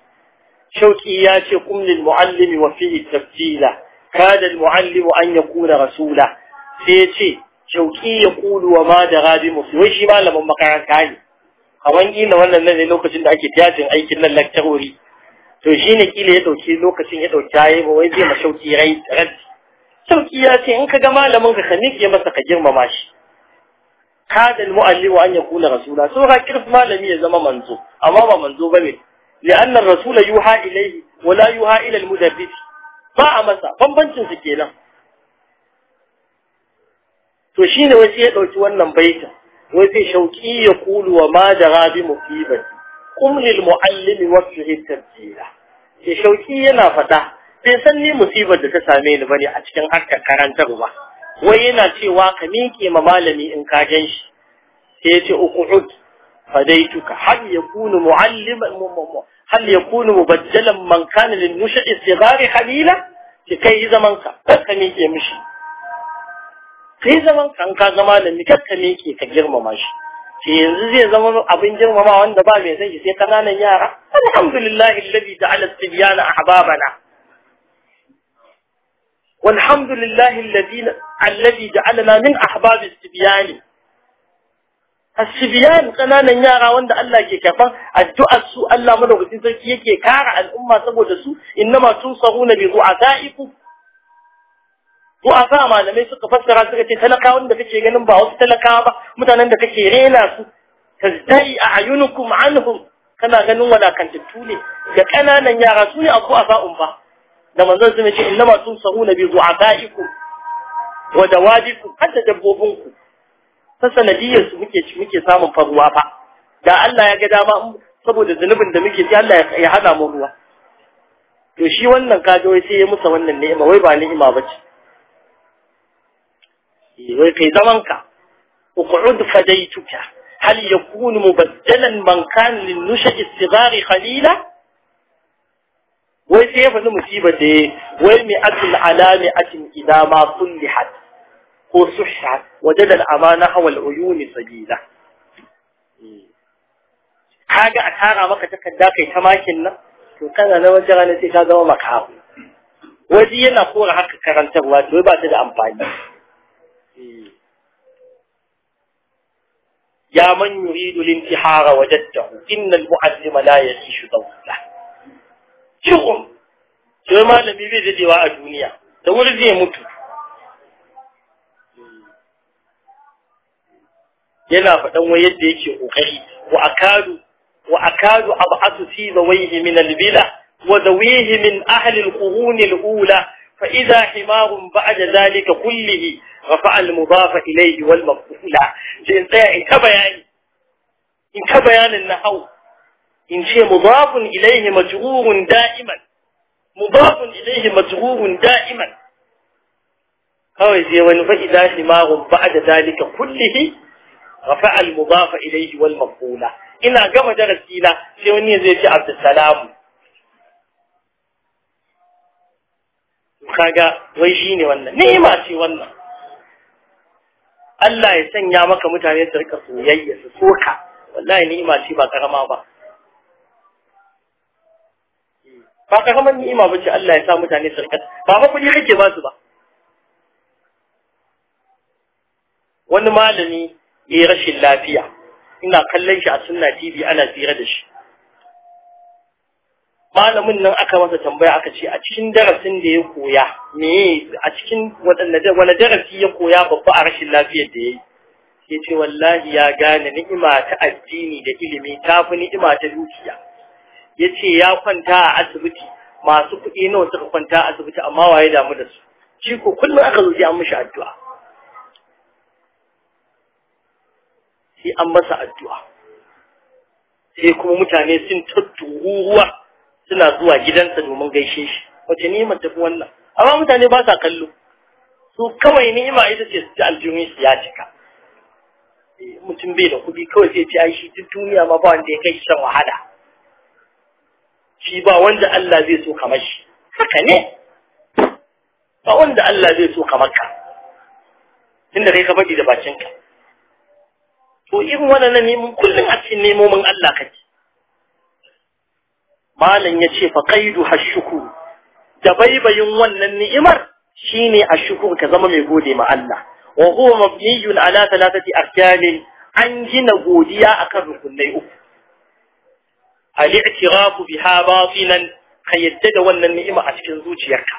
shauki ya ce kum lil muallimi wa fihi tafsila kada al muallimu an yakuna rasula sai ya ce shauki ya kulu wa ma da rabi musu wai shi malamin makaranta ne kaman na wannan nan ne lokacin da ake tiyatin aikin nan lakcarori to shine kila ya ɗauki lokacin ya dauki yayi ba wai zai ma shauki rai shauki ya ce in ka ga malamin ka ka miƙe masa ka girmama shi kada al-mu'allim an yakuna rasula so ga kirf malami ya zama manzo amma ba manzo bane li'anna ar-rasula yuha ilayhi wa la yuha ila al-mudabbir ba a masa bambancin su kenan to shine wace ya dauki wannan baitin wace shauki ya kulu wa ma da rabi mukibati qum lil muallimi wasfihi tabdila shauki yana fada bai san ni musibar da ta same ni bane a cikin harkar karantarwa wai yana cewa ka miƙe ma malami in ka gan shi sai ya ce uqud fadaituka hal yakunu mualliman hal yakunu mubajjalan man kana lin nushi istighari khalila ki kai zaman ka ka miƙe mishi kai zaman ka ka zama malami miƙe ka miƙe ka girmama shi ke yanzu zai zama abin girmama wanda ba mai sai sai kananan yara alhamdulillah alladhi ja'ala as-sibyana ahbabana والحمد لله الذي الذي جعلنا من أحباب السبيان السبيان قنانا يارا وند الله كي كفا الدعاء سوء الله مدوكتين سركي يكي كارا الأمة سبود سوء إنما تنصرون بضعفائكم ضعفاء ما لم يسق فسر سكتي تلقا وند كي غنم با وسط تلقا با متانن da kake rena su tazdai a'yunukum anhum kana ganin wala kan tutule da kananan yara su ne asa'un ba da manzon sun ce innama tumsahuna bi du'afaikum wa dawabikum hatta dabbobinku ta sanadiyar su muke muke samun faruwa fa da Allah ya ga dama saboda zunubin da muke sai Allah ya hada mu ruwa to shi wannan kaje wai sai ya musa wannan ni'ima wai ba ni'ima bace wai kai zaman ka uqud fadaituka hal yakunu mubaddalan man kana lin nushi as-sighari khalila wai sai ya faɗi musibar da ya wai mi akil alami akin idan ma sullihat ko suhha wajada al amana hawa al uyun sabila kaga a tara maka takarda kai ta makin nan to kana na wajara ne sai ka zama makaho waji yana kora haka karantarwa to ba ta da amfani ya man yuridu limtihara wajadtahu innal mu'allima la yashishu dawla shi'un sai malami bai dadewa a duniya da wuri zai mutu yana faɗan wai yadda yake ƙoƙari wa akadu wa akadu ab'atu fi zawayhi min al-bila wa zawihi min ahli al-qurun al-ula fa idha himarun ba'da zalika kullihi rafa'a al-mudaf ilayhi wal maf'ula sai in tsaya in ka bayani in ka bayanin nahau in ce mudafun ilaihi majrurun da'iman mudafun ilaihi majrurun da'iman kawai sai wani fa idza himarun ba'da zalika kullihi rafa al mudafa ilaihi wal maqbula ina gama darasi na sai wani zai ce abdussalam kaga wai ne wannan ni'ima ce wannan Allah ya sanya maka mutane su rika soyayya su soka wallahi ni'ima ce ba karama ba ba karamar ni'ima ba ce Allah ya sa mutane su ba ba kuɗi kake ba su ba wani malami ya yi rashin lafiya ina kallon shi a sunna TV ana tsira da shi malamin nan aka masa tambaya aka ce a cikin darasin da ya koya me a cikin wani darasi ya koya babba a rashin lafiyar da ya yi ya ce wallahi ya gane ni'ima ta addini da ilimi ta fi ni'ima ta dukiya ya ce ya kwanta a asibiti masu kuɗi nawa suka kwanta a asibiti amma waye damu da su shi ko kullum aka zo an mishi addu'a sai an masa addu'a sai kuma mutane sun tatturuwa suna zuwa gidansa domin gaishe shi wace ni mata tafi wannan amma mutane ba sa kallo su kawai ma ita ce su ci aljihun su ya cika eh, mutum bai da kuɗi kawai sai ce ai shi duk duniya ma ba wanda ya kai shan wahala shi ba wanda Allah zai so kamar shi haka ne ba wanda Allah zai so kamar ka tunda kai ka faɗi da bakinka to irin ne neman kullum a cikin nemomin Allah kake malam ya ce fa qaidu hashuku da baibayin wannan ni'imar shine ashukur ka zama mai gode ma Allah wa huwa mabniyun ala thalathati arkanin an gina godiya akan rukunai uku الاعتراف بها باطلا خيدد وان النئمة أتكن ذوتي يكا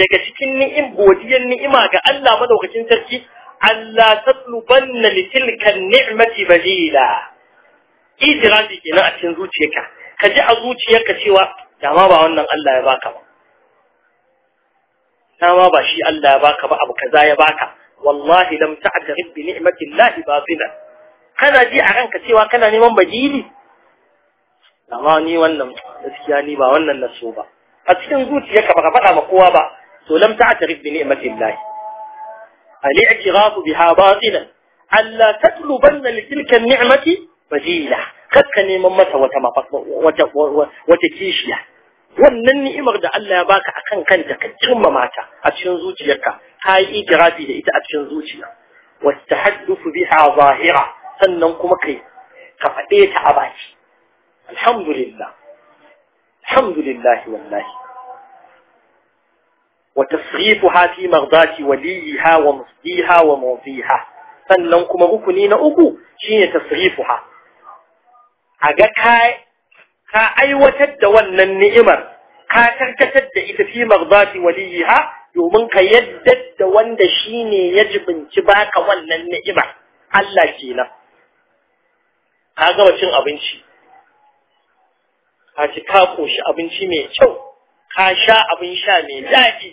لكسكن نئم بودي النئمة كألا مدوك تنتركي ألا تطلبن لتلك النعمة بذيلا إذ راجي كنا أتكن ذوتي يكا كجع ذوتي يكا سوا ما با وان ألا يباك ما ما با شي ألا يباك ما أبو كذا يباك والله لم تعترف بنعمة الله باطلا kana ji a ranka cewa kana neman bajili amma ni wannan gaskiya ni ba wannan na so ba a cikin zuciyarka baka faɗa ma kowa ba to lam ta'tarif bi ni'matillahi al-i'tiraf biha batila alla tatlubanna li tilka an-ni'mati bajila kakka neman mata wata wata wata kishiya wannan ni'imar da Allah ya baka akan kanta ka cimma mata a cikin zuciyarka ka yi ijirafi da ita a cikin zuciya wa tahaddufu biha zahira sannan kuma kai ka faɗe ta a baki alhamdulillah alhamdulillah wallahi wa tasrifuha fi maghdati waliha wa musbiha wa mawdiha sannan kuma rukuni na uku shine tasrifuha a ga ka aiwatar da wannan ni'imar ka karkatar da ita fi maghdati waliha domin ka yadda da wanda shine ya jibinci baka wannan ni'imar Allah kenan ka gama cin abinci ka ci ka koshi abinci mai kyau ka sha abin sha mai daɗi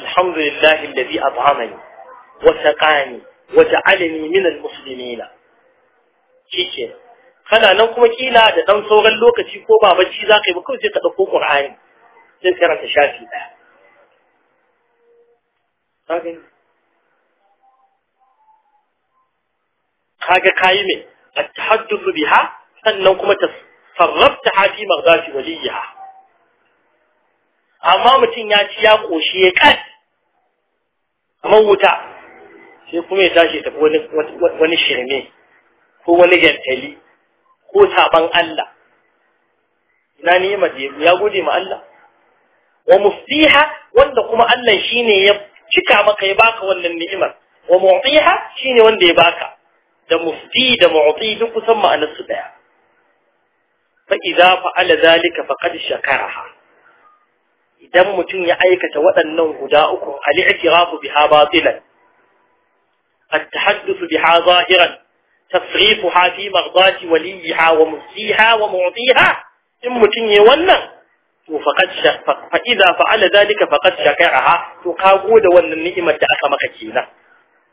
alhamdulillahi alladhi at'amani wa saqani wa ja'alani min almuslimina kike kana nan kuma kila da dan sauran lokaci ko ba bacci zaka yi ba sai ka dauko qur'ani sai karanta shafi daya kaga kayi mai at-tahadduth biha sannan kuma ta sarrafta hadi yi ha? amma mutum ya ci ya ƙoshi ya kai kamar wuta sai kuma ya tashi tafi wani wani shirme ko wani gantali ko sabon Allah ina ne ya gode ma Allah wa ha wanda kuma Allah shine ya cika maka ya baka wannan ni'imar wa shi ne wanda ya baka da mufti da mu'ti duk san ma'anar su daya fa idza fa'ala zalika faqad shakaraha idan mutun ya aikata wadannan guda uku al-i'tirafu biha batilan at-tahaddusu biha zahiran maghdati waliha wa wa mufsiha mu'tiha in mutun تصريفها wannan to faqad shakara fa idza fa'ala zalika faqad shakaraha to ذلك فقد wannan ni'imar da aka maka kenan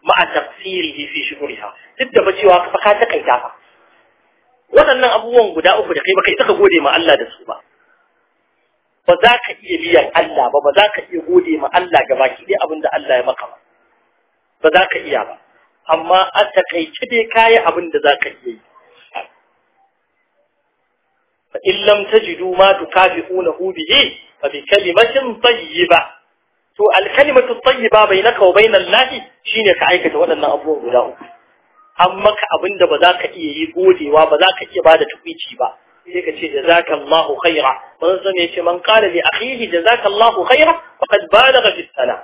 ma'a tafsirihi fi shuhuriha duk da cewa fa ka takaita fa waɗannan abubuwan guda uku da kai baka isa saka gode ma Allah da su ba ba za ka iya biyan Allah ba ba za ka iya gode ma Allah gaba baki dai abin da Allah ya maka ba ba za ka iya ba amma a takaice dai kayi abin da za ka iya yi fa in lam tajidu ma tukafi'unahu bihi fa bi kalimatin tayyiba to alkalimatu tayyiba bainaka wa bainal lahi shine ka aikata waɗannan abubuwan guda uku Amma ka abinda ba za ka iya yi godewa ba za ka iya bada tukwici ba sai ka ce jazakallahu khaira wannan zan yace man qala li akhihi jazakallahu khaira faqad balagha fi sana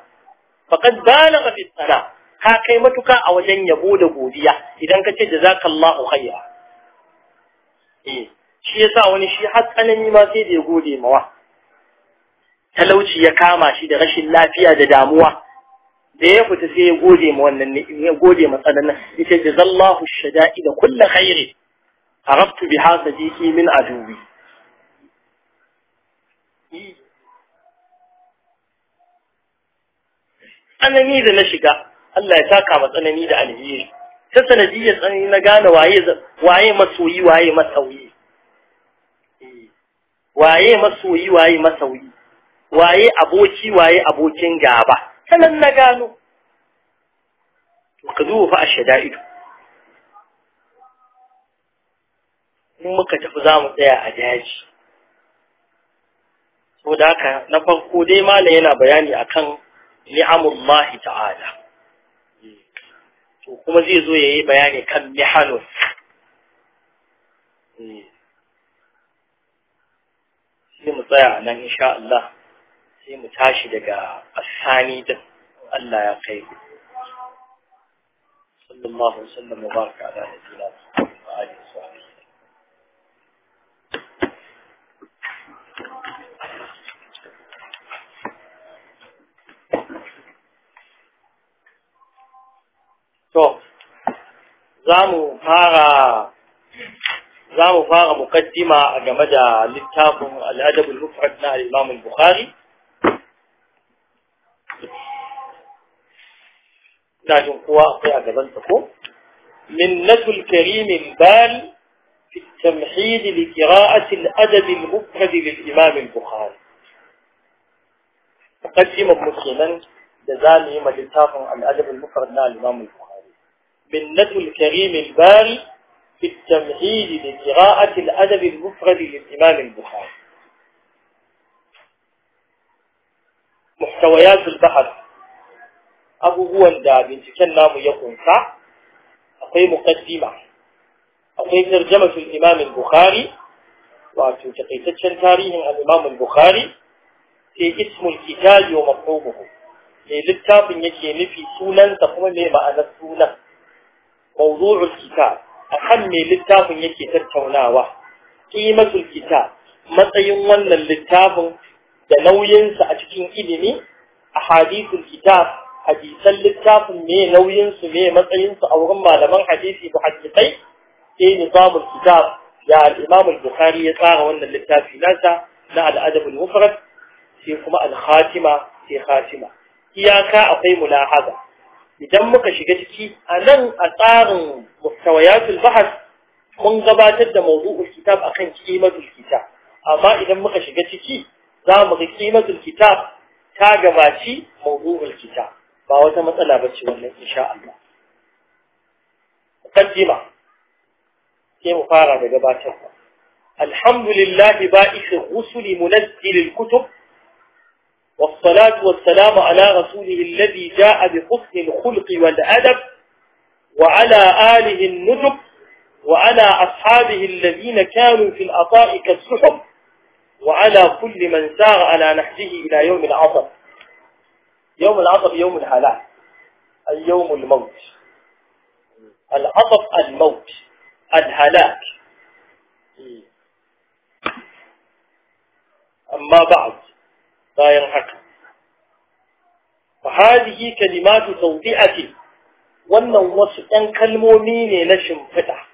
faqad balagha fi sana ka kai matuka a wajen yabo da godiya idan ka ce jazakallahu khaira eh shi yasa wani shi har tsanani ma sai da ya gode mawa talauci ya kama shi da rashin lafiya da damuwa da ya fita sai ya gode ma wannan ne ya gode ma tsananin yace jazallahu shada'i da kullu khairi arabtu hasa jiki min adubi tsanani da na shiga Allah ya taka ma tsanani da alheri ta sanadiyyar tsanani na gane waye waye masoyi waye masauyi eh, waye masoyi waye masauyi waye aboki waye abokin gaba sanan na gano ka fa a mun in muka tafi zamu tsaya a daji so da haka na farko dai Malam yana bayani akan ni'amullahi ta'ala to kuma zai zo yayi bayani kan mihanus Ni mu tsaya nan insha Allah sai mu tashi daga asani din Allah ya kai mu sallallahu alaihi wasallam baraka ala nabiyina wa alihi to za mu fara za mu fara mukaddima game da littafin al'adabul mufrad na al-Imam al-Bukhari لكن قوى أطيع قبنتكم منة الكريم البال في التمحيد لقراءة الأدب المفرد للإمام البخاري تقدم مسلما جزاني عن الأدب المفرد للإمام البخاري منة الكريم البال في التمحيد لقراءة الأدب المفرد للإمام البخاري محتويات البحث abubuwan da binciken namu ya kunsa akwai mukaddima akwai tarjamatul imam al-bukhari wato takaitaccen tarihin al-imam al-bukhari sai ismul kitabi wa mafhumuhu mai littafin yake nufi sunansa kuma mai ma'anar sunan mawdu'ul kitab akan mai littafin yake tattaunawa qimatul kitab matsayin wannan littafin da nauyinsa a cikin ilimi a kitab hadisan littafin me nauyin su me matsayin su a wurin malaman hadisi da hadisai sai nizamul kitab ya al-Imam al-Bukhari ya tsara wannan littafi nasa na al-Adab al-Mufrad sai kuma al-Khatima sai Khatima iyaka akwai mulahaza idan muka shiga ciki a nan a tsarin mustawayatul bahas mun gabatar da mawdu'ul kitab akan kimatul kitab amma idan muka shiga ciki za mu ga kimatul kitab ta gabaci mawdu'ul kitab باوتا مطلع matsala ba ce wannan insha Allah muqaddima sai mu الحمد لله بائس alhamdulillah منزل الكتب والصلاة والسلام على رسوله الذي جاء بحسن الخلق والأدب وعلى آله النجب وعلى أصحابه الذين كانوا في الأطائك كالسحب وعلى كل من سار على نحجه إلى يوم العصر يوم العطب يوم الهلاك اليوم الموت العطب الموت الهلاك أما بعد لا يرحق فهذه كلمات توضيئة وأن وصف أنك المؤمن نشم فتح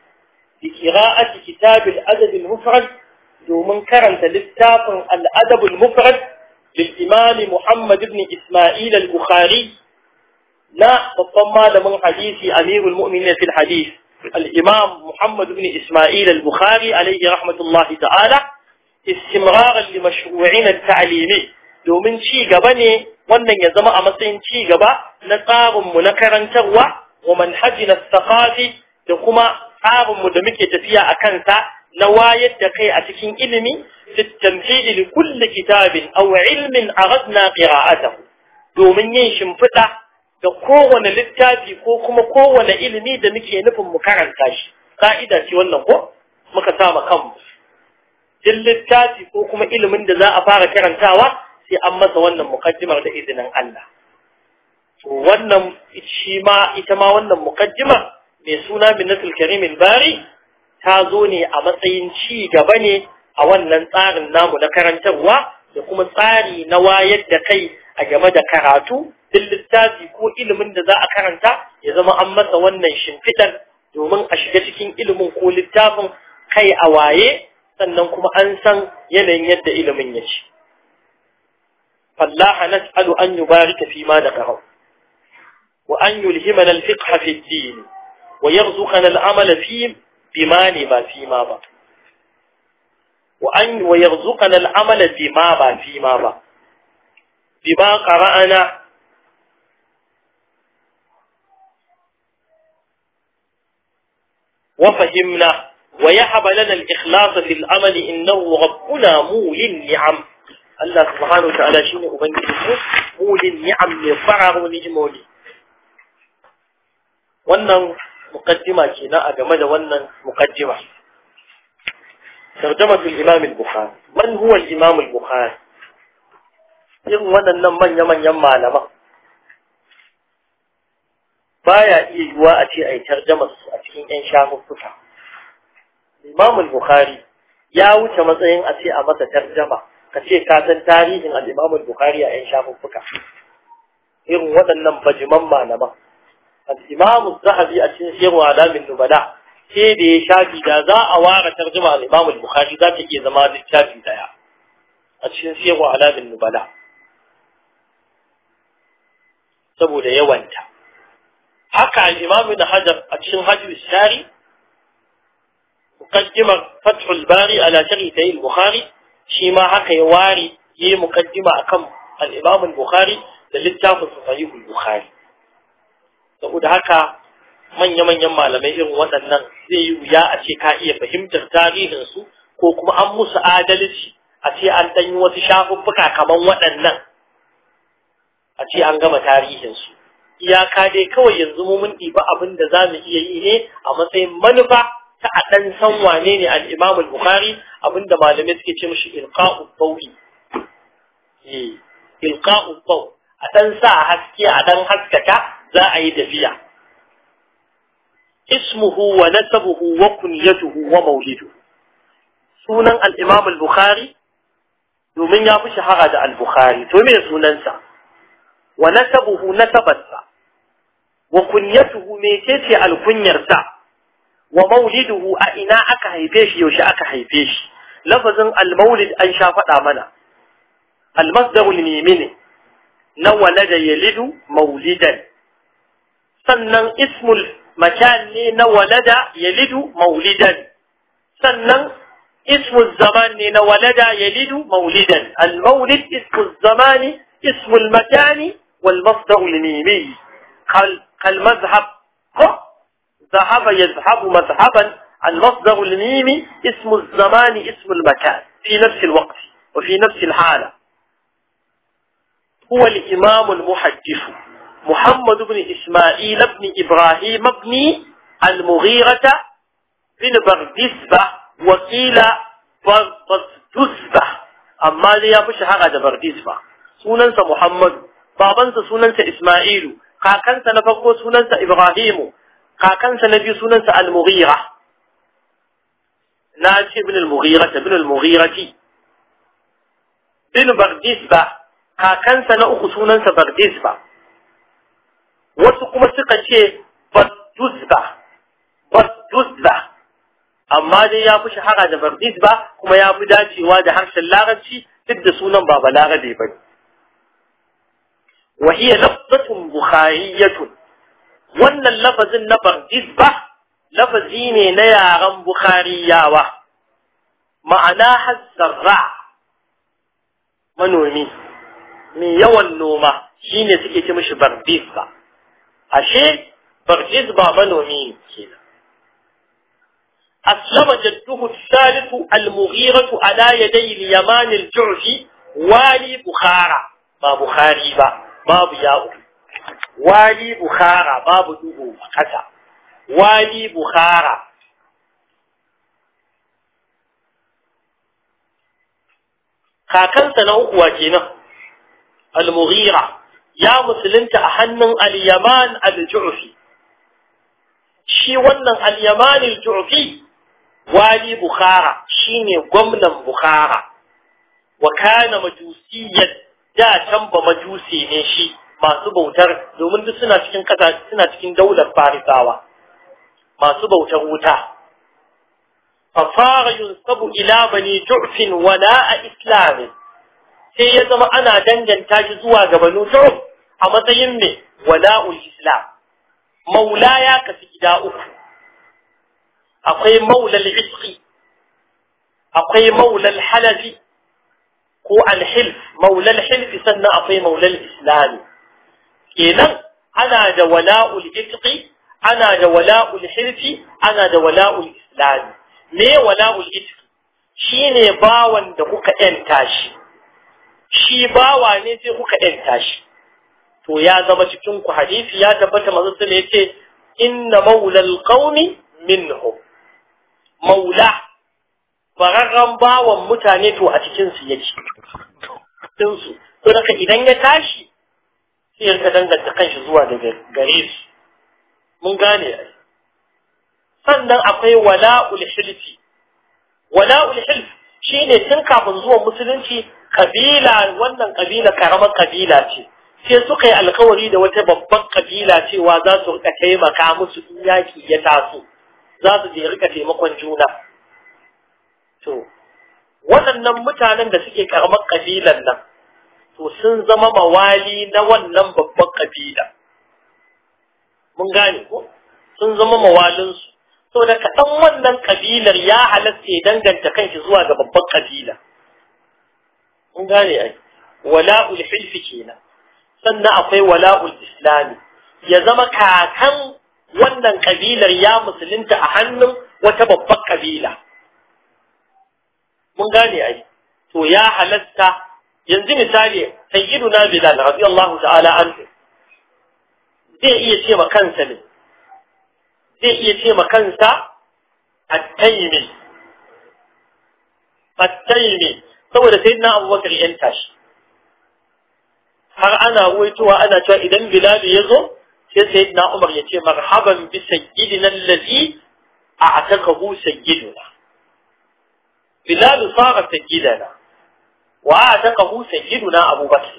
بقراءة كتاب الأدب المفرد دومن كرنت لفتاف الأدب المفرد الإمام محمد بن إسماعيل البخاري لا تطمى من حديث أمير المؤمنين في الحديث الإمام محمد بن إسماعيل البخاري عليه رحمة الله تعالى استمرارا لمشروعين التعليمي domin ci gaba wannan ya zama a matsayin ci gaba na tsarinmu na karantarwa wa manhajin safafi da kuma tsarinmu da muke tafiya a kansa na wayar da kai a cikin ilimi fi tamhidi li kitabin aw ilmin aghadna qira'atahu domin yin shimfiɗa ga kowane littafi ko kuma kowane ilimi da muke nufin mu karanta shi ka'ida ce wannan ko muka sama kanmu duk littafi ko kuma ilimin da za a fara karantawa sai an masa wannan mukaddimar da izinin Allah wannan shi ma ita ma wannan mukaddimar mai suna minnatul karim bari ta zo ne a matsayin ci gaba ne a wannan tsarin namu na karantarwa da kuma tsari na wayar da kai a game da karatu duk littafi ko ilimin da za a karanta ya zama an masa wannan shimfidar domin a shiga cikin ilimin ko littafin kai a waye sannan kuma an san yanayin yadda ilimin ya ci. فالله نسأل أن يبارك فيما ذكره وأن يلهمنا الفقه في الدين ويرزقنا العمل فيه بما نبا سيما با وأن ويرزقنا العمل بما با سيما با بما قرأنا وفهمنا ويحب لنا الإخلاص في العمل إنه ربنا مولي النعم الله سبحانه وتعالى شيني أبنك مولي النعم فرغ نجمولي وأنه muqaddima kenan a game da wannan muqaddima ترجمة الإمام البخاري من هو الإمام البخاري إن ودنا من يمن يمع لما بايا إيواء أتي أي ترجمة أتي إن شاء مفتح الإمام البخاري ya wuce matsayin a ce a masa tarjama ka ce ka san tarihin al bukhari a 'yan shafuffuka irin waɗannan bajiman malaman al-imam az-zahabi a cikin sirru alamin nubala sai da ya shafi da za a wara tarjuma al-imam al-bukhari za ta iya zama littafi daya a cikin sirru alamin nubala saboda yawanta haka al-imam ibn hajar a cikin hajjul sari fathul bari ala sharhi sahih al-bukhari shi ma haka ya ware yi muqaddima a kan da littafin saboda haka manya-manyan malamai irin waɗannan zai yi wuya a ce ka iya fahimtar tarihinsu ko kuma an musu adalci a ce an ɗanyi wasu shafuffuka kamar waɗannan a ce an gama tarihinsu iyaka dai kawai yanzu mu mun ɗiba abin da za mu iya yi ne a matsayin manufa ta a ɗan san wane ne al al-Bukhari abin da malamai suke ce mishi ilqa'u bawi eh ilqa'u a ɗan sa haske a ɗan haskaka لا أيدفيع اسمه ونسبه وكنيته ومولده سنة الإمام البخاري يومين يابش هغد البخاري تومين سننسى ونسبه نسبت وكنيته ميتة الكنيرتا وموجده أئنا أكهيبيش يوش أكهيبيش لفظ المولد أنشاف آمنا المصدر الميمين نولد يلد مولدا sannan ismul makan ne na walada yalidu maulidan sannan ismul zaman ne na walada yalidu maulidan al-maulid ismul zaman ismul makan wal masdar al-mimi kal mazhab ko ذهب يذهب مذهبا المصدر الميمي اسم الزمان اسم المكان في نفس الوقت وفي نفس الحالة هو الإمام المحدث محمد بن إسماعيل بن إبراهيم بن المغيرة بن بردسبة وقيل بردسبة أما لي أبو شهر بردسبة سننسى محمد babansa sunansa Ismailu, kakansa na farko sunansa Ibrahimu, kakansa na biyu sunansa Al-Mughira. Na ce bin Al-Mughira ta bin Al-Mughirati. Bin Bardisba, kakansa na uku sunansa Bardisba. wasu kuma suka ce battuzza battuzza amma dai ya fi shahara da bardizba kuma ya fi dacewa da harshen larabci duk da sunan ba balarabe ba wa hiya lafzatun wannan lafazin na bardizba lafazi ne na yaren bukhariyawa ma'ana hazzarra manomi mai yawan noma shine suke ce mishi bardizba ashe barjiz بابا manomi ne أسلم جده الثالث المغيرة على يدي اليمان الجعجي والي بخارة ما بخاري با ما ياء والي بخارى باب دوه قسى والي بخارى kakansa na uku kenan ya musulunta a hannun al-yaman al-ju'fi shi wannan al-yaman al-ju'fi wali bukhara shine gwamnan bukhara wa kana majusiyyan da tamba majusi ne shi masu bautar domin duk suna cikin kasa suna cikin daular farisawa masu bautar wuta fa fara yunsabu ila bani ju'fin wala a Islam? sai ya zama ana danganta shi zuwa ga banu a matsayin mai wala'ul islam maula ya kasi gida uku akwai maulal isqi akwai maulal halafi ko alhilf maulal hilfi sannan akwai maulal islami kenan ana da wala'ul isqi ana da wala'ul hilfi ana da wala'ul islami me wala'ul Shi ne bawan da kuka yanta shi shi bawa ne sai kuka yanta shi to ya zama cikin ku hadisi ya tabbata manzo sai yace inna maulal qaumi minhum maula fararran bawan mutane to a cikin su yake cikin su to daga idan ya tashi sai ya rika danganta kanshi zuwa daga gare su mun gane sannan akwai wala'ul hilfi wala'ul hilfi shine tun kafin zuwan musulunci kabila wannan kabila karamar kabila ce sai suka yi alkawari da wata babban kabila cewa za su rika taimaka musu in yaki ya taso za su je rika taimakon juna to waɗannan mutanen da suke karamar kabilan nan to sun zama mawali na wannan babban kabila mun gane ko sun zama mawalinsu so da kaɗan wannan kabilar ya halatta ya danganta kanshi zuwa ga babban kabila mun gane ai wala hilfi kenan sannan akwai wala'ul islami ya zama kakan wannan kabilar ya musulunta a hannun wata babbar kabila mun gane ai to ya halatta yanzu misali sayyiduna bilal radiyallahu ta'ala anhu zai iya ce ma kansa ne zai iya ce ma kansa at-taymi at-taymi saboda sayyidina abubakar yan tashi har ana ruwaitowa ana cewa idan bilal ya zo sai sayyidina umar ya ce marhaban bi sayyidina allazi a'takahu sayyiduna bilal sara sayyidana wa ataka a'takahu sayyiduna abubakar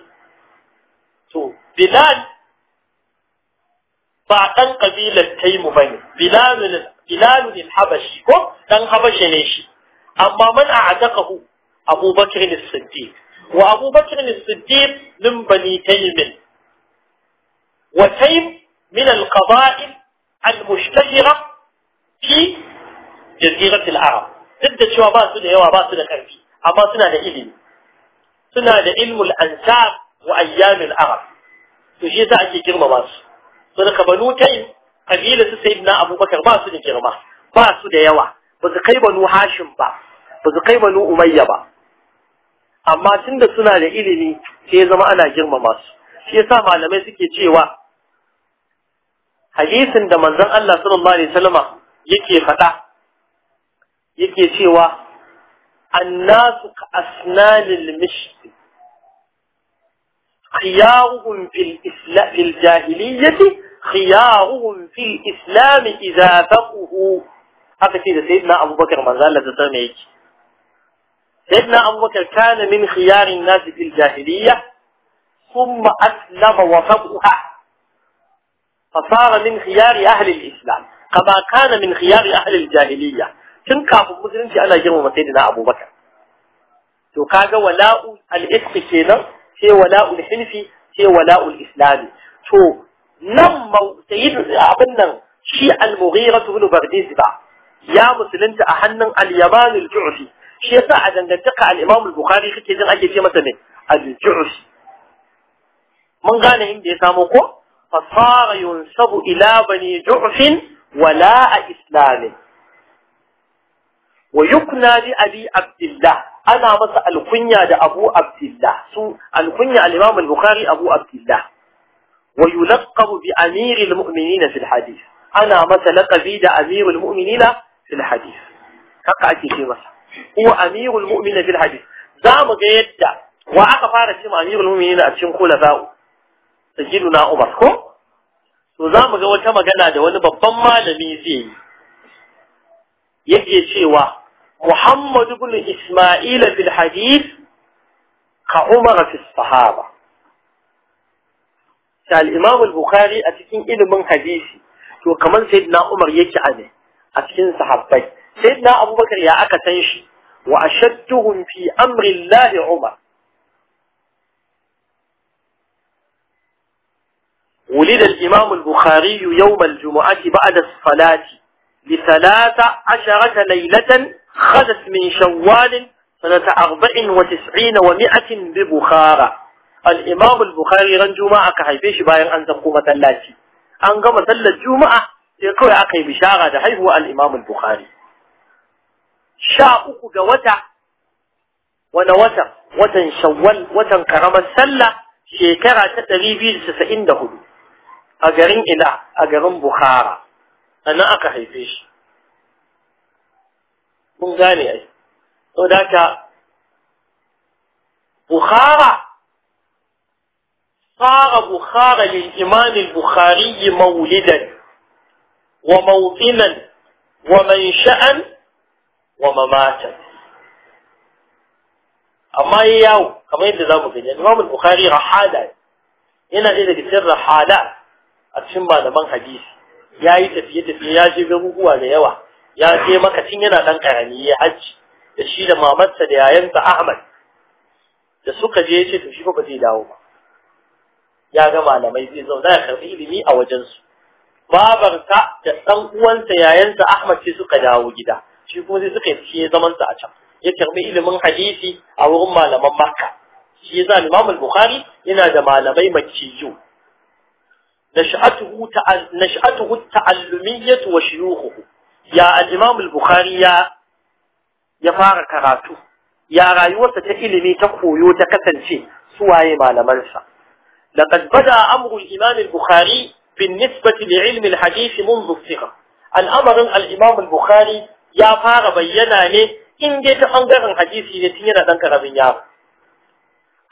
to bilal ba ɗan ƙabilar taimu ba ne, Bilalun Habashi ko ɗan Habashi ne shi, amma man a ataka hu Abubakar ne Siddiq. وأبو بكر الصديق من بني تيم وتيم من القبائل المشتهرة في جزيرة العرب ضد شو باسو ده يوا باسو ده كرفي أما سنة لإلم إلم سنة الأنساب وأيام العرب تشي تأتي أكي جرم باسو سنة كبنو تيم قبيلة سيدنا أبو بكر باسو ده جرمه باسو ده يوا بس بنو هاشم با بس بنو أمية با amma tun da suna da ilimi sai ya zama ana girmama su shi yasa malamai suke cewa hadisin da manzon Allah sallallahu alaihi wasallama yake faɗa yake cewa annasu ka asnalil mishti khiyaruhum fil islam fil jahiliyyati khiyaruhum fil islam idza faqahu haka ce da sayyidina abubakar manzon Allah sallallahu alaihi wasallama yake سيدنا أبو بكر كان من خيار الناس في الجاهلية ثم أسلم وفقها فصار من خيار أهل الإسلام كما كان من خيار أهل الجاهلية كن كافو مسلم في أنا جرم سيدنا أبو بكر وكاجا ولاء الإسق كينا في ولاء الحنفي في ولاء الاسلامي تو نم سيد أبنا شيء المغيرة بن بغديز يا مسلمت أهنن اليمان الجعفي shi yasa a dangantaka al-Imam al-Bukhari kake jin ake ce masa ne al-Ju'sh mun gane inda ya samo ko fasara yunsabu ila bani Ju'sh wala a islami wa yukna bi abi abdullah ana masa alkunya da abu abdullah su alkunya al-Imam al-Bukhari abu abdullah wa yulaqabu bi amir al-mu'minin fil hadith ana masa laqabi da amir al-mu'minin fil hadith haka ake ce masa huwa amirul mu'minin fil hadith za mu ga yadda wa aka fara cewa amirul mu'minin a cikin kulafa'u sayyiduna umar to za mu ga wata magana da wani babban malami zai yi yake cewa Muhammad ibn Isma'il fil hadith ka Umar fi sahaba ta al-Imam bukhari a cikin ilimin hadisi to kamar said na Umar yake a ne a cikin sahabbai سيدنا أبو بكر يا أكا تنشي وأشدهم في أمر الله عمر ولد الإمام البخاري يوم الجمعة بعد الصلاة لثلاث عشرة ليلة خذت من شوال سنة أربع وتسعين ومائة ببخارة الإمام البخاري ran جمعة ka haife shi bayan an zakko masallaci an gama sallar juma'a sai kawai aka yi bishara شاءك جوتا ونوتا وتن شوال وتن كرم السلة شكرا تتريفيل سسئن دهلو أجرين إلى أجرين بخارة أنا أكهي فيش من ذاني أي وذاك بخارة صار بخارة للإمام البخاري مولدا وموطنا ومنشأا wa mamatan amma yi yawo kamar yadda za mu gani imam bukhari rahala yana ɗaya daga cikin rahala a cikin malaman hadisi ya yi tafiye-tafiye ya je garuruwa da yawa ya je makacin yana ɗan ƙarami ya hajji da shi da mamarsa da yayansa ahmad da suka je ya ce to shi ba zai dawo ba ya ga malamai zai zauna ya karɓi ilimi a wajensu babarsa da ɗan uwansa yayansa ahmad sai suka dawo gida shi kuma sai suka yi zaman sa a can ya karbi ilimin hadisi a wurin malaman makka shi yasa imam al-bukhari yana da malamai makkiyu نشأته نشأته التعلمية وشيوخه يا الإمام البخاري يا يا فار كراتو يا رايوة تإلمي تقويو تكتنشي سواي ما لمنسى لقد بدأ أمر الإمام البخاري بالنسبة لعلم الحديث منذ الصغر الأمر الإمام البخاري ya fara bayyana ne in dai ta bangaren hadisi ne tun yana dan karamin yaro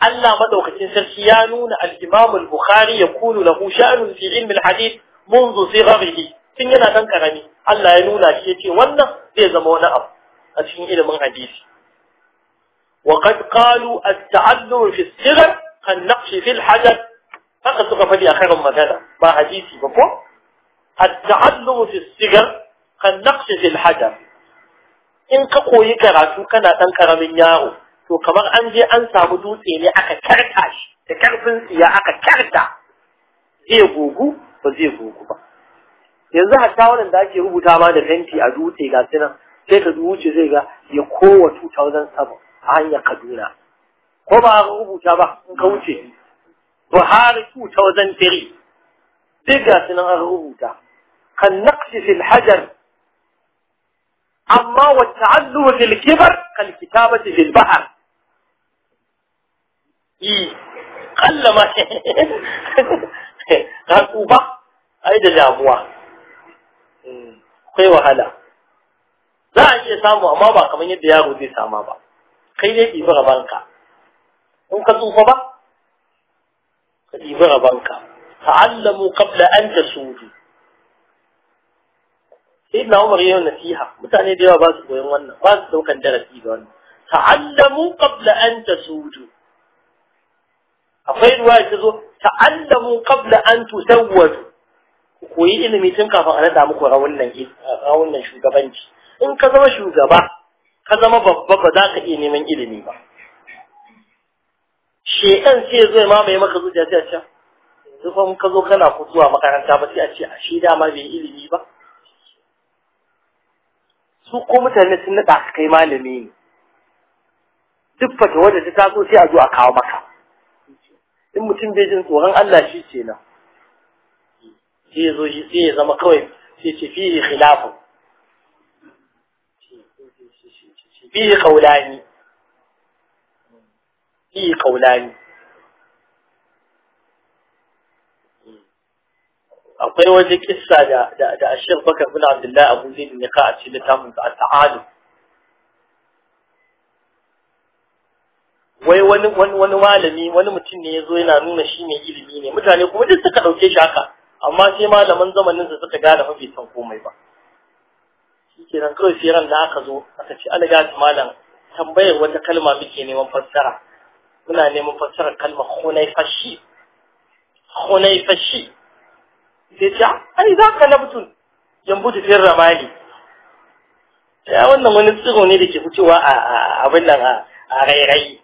Allah madaukakin sarki ya nuna al-Imam al-Bukhari ya kulu lahu sha'nun fi ilm al-hadith منذ صغره tun yana dan karami Allah ya nuna shi yace wannan zai zama wani abu a cikin ilimin hadisi wa qad qalu at-ta'allum fi as-sighar kan naqshi fi al-hadath haka suka fadi a kan magana ba hadisi ba ko at-ta'allum fi as-sighar kan naqshi fi al-hadath in ka koyi karatu kana dan karamin yaro to kamar an je an samu dutse ne aka karta shi da karfin tsiya aka karta zai gugu ba zai gugu ba yanzu hatta wannan da ake rubuta ma da fenti a dutse ga su sai ka duwuce zai ga ya kowa 2007 a hanyar kaduna ko ba a rubuta ba in ka wuce buhari 2003 duk ga su an rubuta kan naqsi fil hajar amma wa ta'allumu fil kibar kal kitabati fil bahr kalla ma *laughs* ka ba, ai da damuwa hmm, akwai wahala za a iya samu amma ba kamar yadda yaro zai sama ba kai dai ɗibi rabanka in ka tsufa ba ka ɗibi rabanka ta'allamu kabla an ta tasudu sai na umar yau nasiha mutane da yawa ba su koyon wannan ba su daukan darasi ga wannan ta'allamu qabla an tasudu akwai ruwa ta zo ta'allamu qabla an tusawwadu ku koyi ilimi tun kafin a nada muku rawunan rawunan shugabanci in ka zama shugaba ka zama babba ba za ka iya neman ilimi ba shekan sai zo ma mai maka zuciya sai a ce yanzu ka zo kana kutuwa makaranta ba sai a ce a shi dama bai ilimi ba su ko mutane sun naɗa su kai malami ne duk fata wadda ta taso sai a zo a kawo maka in mutum bai jin tsoron Allah shi ce nan sai ya zo shi sai ya zama kawai sai ce fihi khilafun fihi qaulani fihi qaulani akwai wani kissa da da da Ashir Bakar bin Abdullah Abu Zaid ne ka a cikin littafin da Ta'alu wai wani wani malami wani mutum ne yazo yana nuna shi ne ilimi ne mutane kuma duk suka dauke shi haka amma sai malaman zamanin su suka gane fa bai komai ba nan kawai sai ran da aka zo aka ce an ga malam tambayar wata kalma muke neman fassara muna neman fassarar kalmar hunaifashi hunaifashi sai ce ai za ka labtun jambu da fiyar ramali ya wannan wani tsiro ne da ke fitowa a abin nan a rairayi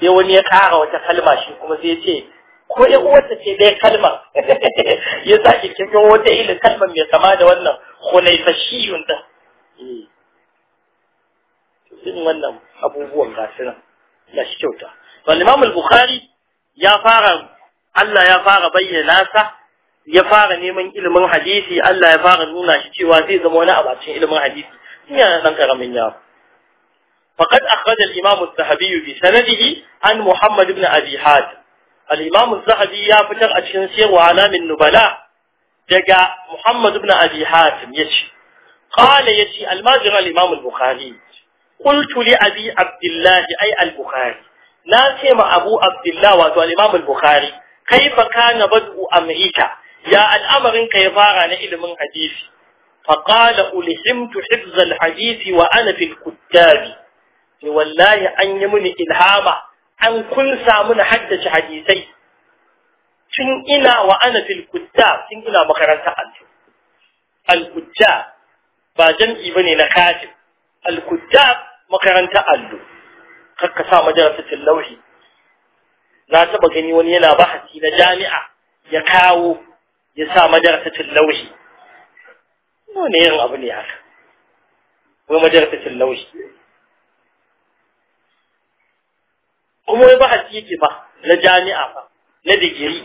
sai wani ya ƙara wata kalma shi kuma sai ya ce ko ya uwarsa ce dai kalmar *laughs* ya sake cikin wata ilin kalmar mai kama da wannan khulaifashiyun da eh. irin wannan abubuwan gasu nan na shi kyauta. Wani Imam Bukhari ya fara Allah ya fara bayyana sa ya fara neman ilimin hadisi Allah ya fara nuna shi cewa zai zama wani abacin ilimin hadisi tun dan karamin فقد أخرج الإمام الذهبي سنده عن محمد بن أبي حاتم الإمام الذهبي يا فتر أتشنسير وعلام النبلاء دقى محمد بن أبي حاتم يتشي قال يتشي الماجر الإمام البخاري قلت لأبي عبد الله أي البخاري na ce ma abu abdullah wato al-imam al-bukhari kaifa kana bad'u amrika ya al'amarin ka ya fara na ilimin hadisi fa ulhimtu hifz al-hadisi wa ana fil wallahi an yi mini ilhama an kunsa mun haddace hadisai tun ina wa ana fil kuttab tun ina makaranta al-kuttab ba jam'i bane na katib al-kuttab makaranta allo Karka sa majalisatin lauhi na taba gani wani yana bahasi na jami'a ya kawo ya sa majalisatin lauhi wani irin abu ne haka wai majalisatin lauhi kuma wai bahasi yake ba na jami'a ba na digiri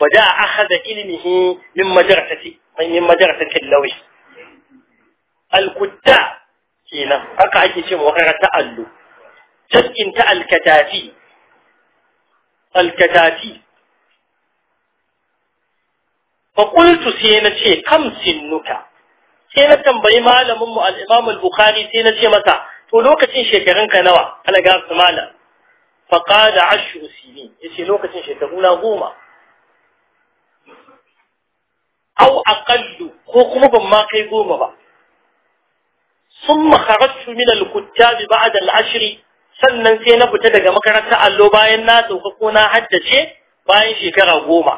bada eh, a akhada ilmihi min madrasati min madrasatin lauhi al-kutta kenan haka ake ce makarar ta allo ta alkatafi alkatafi fa qultu sai na ce kam sinnuka sai na tambayi malamin mu al-Imam al-Bukhari sai na ce masa to lokacin shekarun ka nawa alaga su malam fa qala ashru sinin yace lokacin shekaru na goma au aqallu ko kuma ban ma kai goma ba ثم خرجت من الكتاب بعد ashiri sannan sai na fita daga makaranta allo bayan na sauka ko na haddace bayan shekara goma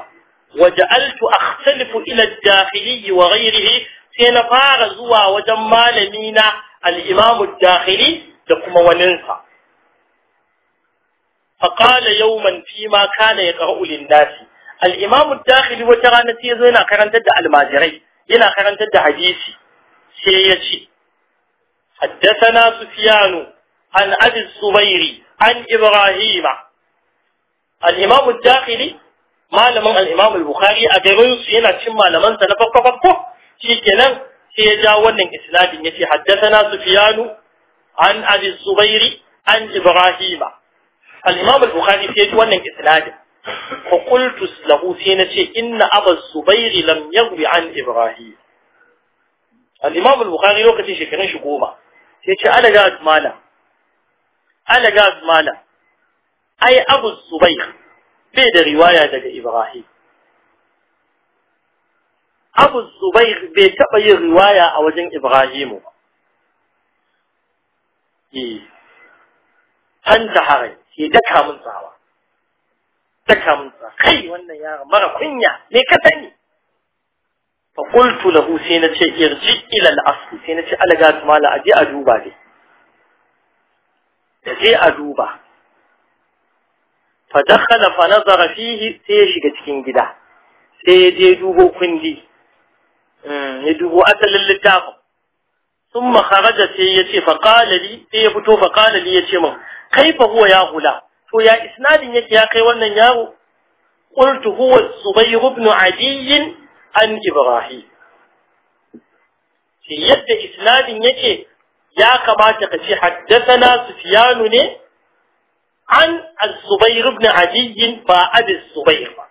waja'altu salifu ila ad-dakhili wa ghayrihi sai na fara zuwa wajen malami na al da kuma waninsa fa yau man fi ma kana ya lin-nas al-imam wata rana sai yazo yana karantar da almajirai yana karantar da hadisi sai ya ce حدثنا سفيان عن أبي الزبير عن إبراهيم الإمام الداخلي ما لم الإمام البخاري أدرون سينا شما لم أنتنا فقفقف في كلام في جاوان إسناد يتي حدثنا سفيان عن أبي الزبير عن إبراهيم الإمام البخاري في جاوان إسناد فقلت له سينا شيء إن أبا الزبير لم يغوي عن إبراهيم الإمام البخاري لو كتي شكرا شكوما sai ce alaga mala alaga azmala ai abu zubair bai da riwaya daga ibrahim abu zubair bai taɓa yin riwaya a wajen ibrahimu ba eh, an zahara ke daka mun tsawa daka mun tsawa kai wannan yaro mara kunya me ka sani fa qultu lahu sai na ce irji ila al-asl sai na ce alaga mala aje a duba dai je a duba fa dakhala fa nazara fihi sai ya shiga cikin gida sai ya je dubo kundi hmm, ya dubo asalin littafin ثم خرج sai yace fa qala li sai ya fito fa qala li yace min kaifa huwa ya hula to ya isnadin yake ya kai wannan yaro qultu huwa zubayr ibn adiy an Ibrahim. Shi yadda isnadin yake ya kamata ka ce haddasana Sufyanu ne an al-Zubair ibn Adiy ba Abi Zubair ba.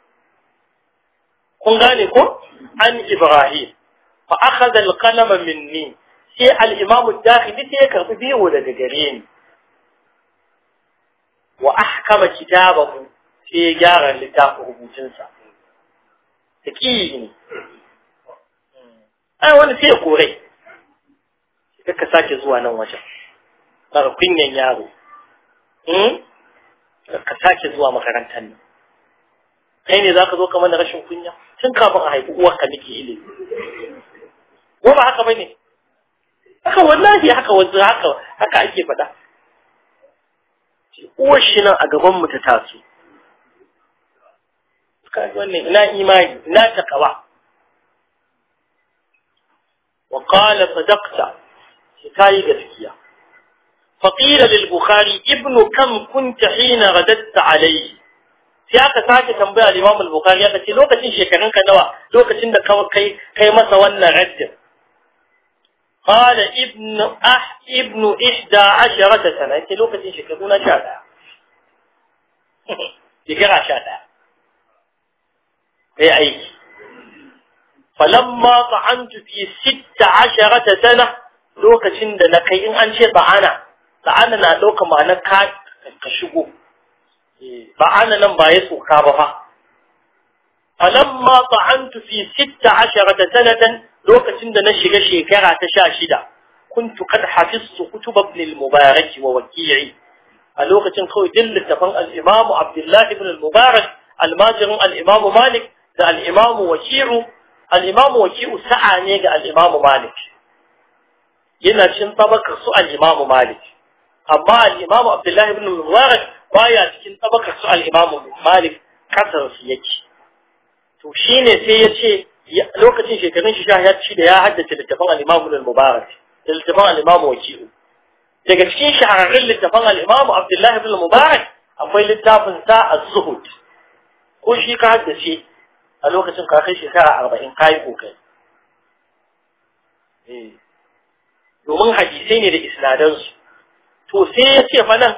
Kun gane ko? An Ibrahim. Fa akhadha al-qalama minni. Sai al-Imam ad-Dakhili sai ya karbi biyo daga gare ni. Wa ahkama kitabahu sai ya gyara littafin rubutunsa. taqiyi ne ai wani sai kore ka sake zuwa nan wajen daga kunyan yaro hmm? ka sake zuwa makarantar nan kai ne zaka zo kamar da rashin kunya tun kafin a haifi uwarka nake ilimi ko ba haka bane haka wallahi haka wanzu haka haka ake faɗa uwar shi nan a gaban mu ta taso wannan ina imani ina takawa wa qala sadaqta kai gaskiya faqila lil bukhari ibnu kam kunta hina radatta alayhi sai aka sake tambaya Limamin al-Bukhari aka ce lokacin shekarun ka nawa lokacin da kai kai masa wannan raddin qala ibnu ah ibnu 11 sana ce lokacin shekaru na 11 *laughs* shekara 11 ya aiki falamma ta'antu fi sitta asharata sana lokacin da na kai in an ce ba'ana ba'ana na ɗauka ma'ana ka ka shigo eh, ba'ana nan ba ya tsoka ba fa falamma ta'antu fi sitta asharata sanatan lokacin da na shiga shekara ta sha shida kuntu kad hafiztu kutub ibn al wa waqi'i a lokacin kawai dillin tafan al'imamu abdullahi ibn al-mubarak almajirin al'imamu malik da al-Imam Waki'u al-Imam Waki'u sa'a ne ga al-Imam Malik yana cin tabakar su al-Imam Malik amma al-Imam Abdullah ibn Mubarak baya cikin tabakar su al-Imam Malik kasar su yake to shine sai yace lokacin shekarun shi ya ci da ya haddace littafin al-Imam al-Mubarak da littafin al-Imam Waki'u daga cikin shahararrun littafin al-Imam Abdullah ibn Mubarak akwai littafin sa az-Zuhud ko shi ka haddace a lokacin ka kai shekara arba'in ka yi kokari eh. domin hadisai ne da isnadansu to sai ya ce fa nan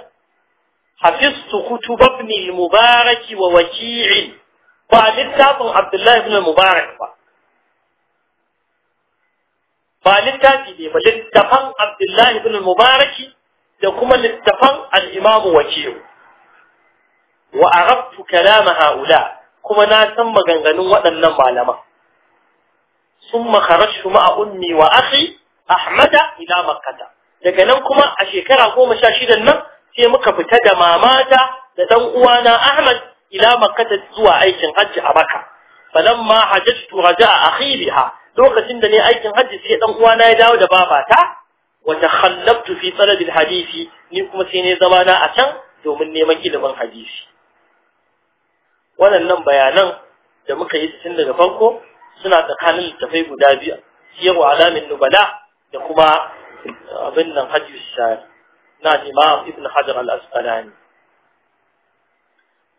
hafiztu kutub ibn Mubaraki wa waki' ba littafin abdullahi ibn mubarak ba ba littafi ne ba littafan abdullahi ibn Mubaraki da kuma littafan Al'imamu wa waki' wa arabtu kalam haula kuma na san maganganun waɗannan malaman ثم خرجت مع أمي وأخي أحمد إلى makata. daga nan kuma a shekara goma sha shidan nan sai muka fita da mamata da ɗan uwana Ahmad ila makata zuwa aikin hajji a Makka falamma hajjatu raja'a a biha lokacin da ne aikin hajji sai ɗan uwana ya dawo da babata wa takhallabtu fi talab hadisi, ni kuma sai ne zama na a can domin neman ilimin hadisi waɗannan bayanan da muka yi tun daga farko suna tsakanin littafai guda biyu siyarwa alamin nubala da kuma eh, abin nan hajji shari na imam ibn hajar al-asqalani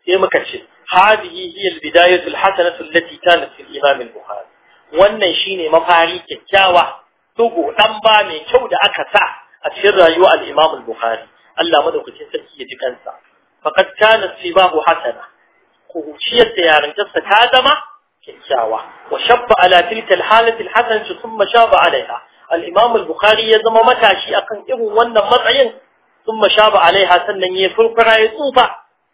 sai muka ce hadihi hiya al-bidayatu al-hasanatu allati kanat fil imam al-bukhari wannan shine mafari kyakkyawa dugo dan ba mai kyau da aka sa a cikin rayuwar al-imam al-bukhari Allah madaukakin sarki ya ji kansa faqad kanat sibahu hasana كهوشية تيارا يعني جسد هادمة كنساوة وشب على تلك الحالة الحسن ثم شاب عليها الإمام البخاري يزم متاشي أقن إبو ون مضعي ثم شاب عليها سنن يفلق رأي صوبة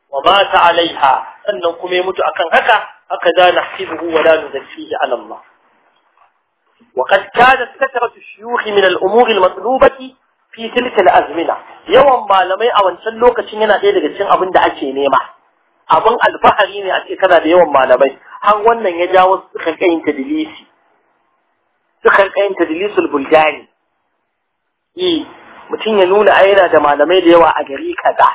ومات عليها سنن كميمت أقن هكا أكذا نحسبه ولا نذكيه على الله وقد كانت كثرة الشيوخ من الأمور المطلوبة في تلك الأزمنة يوم ما لم يأوان سلوك سننا إلغة سن أبند أجي نيمة abin alfahari ne a ce da yawan malamai har wannan ya jawo su suka kayin tadlisi suka kayin tadlisul buldani eh mutum ya nuna ai da malamai da yawa a gari kaza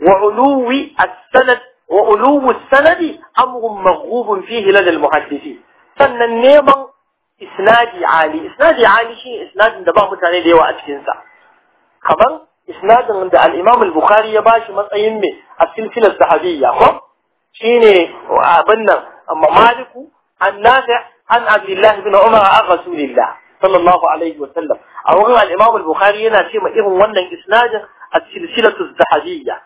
wa uluwi as-sanad wa uluwu as-sanadi amrun maghubun fihi lad al-muhaddisi sannan neman isnadi ali isnadi ali shi isnadin da ba mutane da yawa a cikin sa kamar isnadin da al al-Bukhari ya bashi matsayin mai a silsilar sahabiyya ko shine abin nan amma Maliku an-Nafi' an Abdullahi bin Umar a Rasulillah sallallahu alaihi wa sallam a wurin al al-Bukhari yana ce ma irin wannan isnadin a silsilatu sahabiyya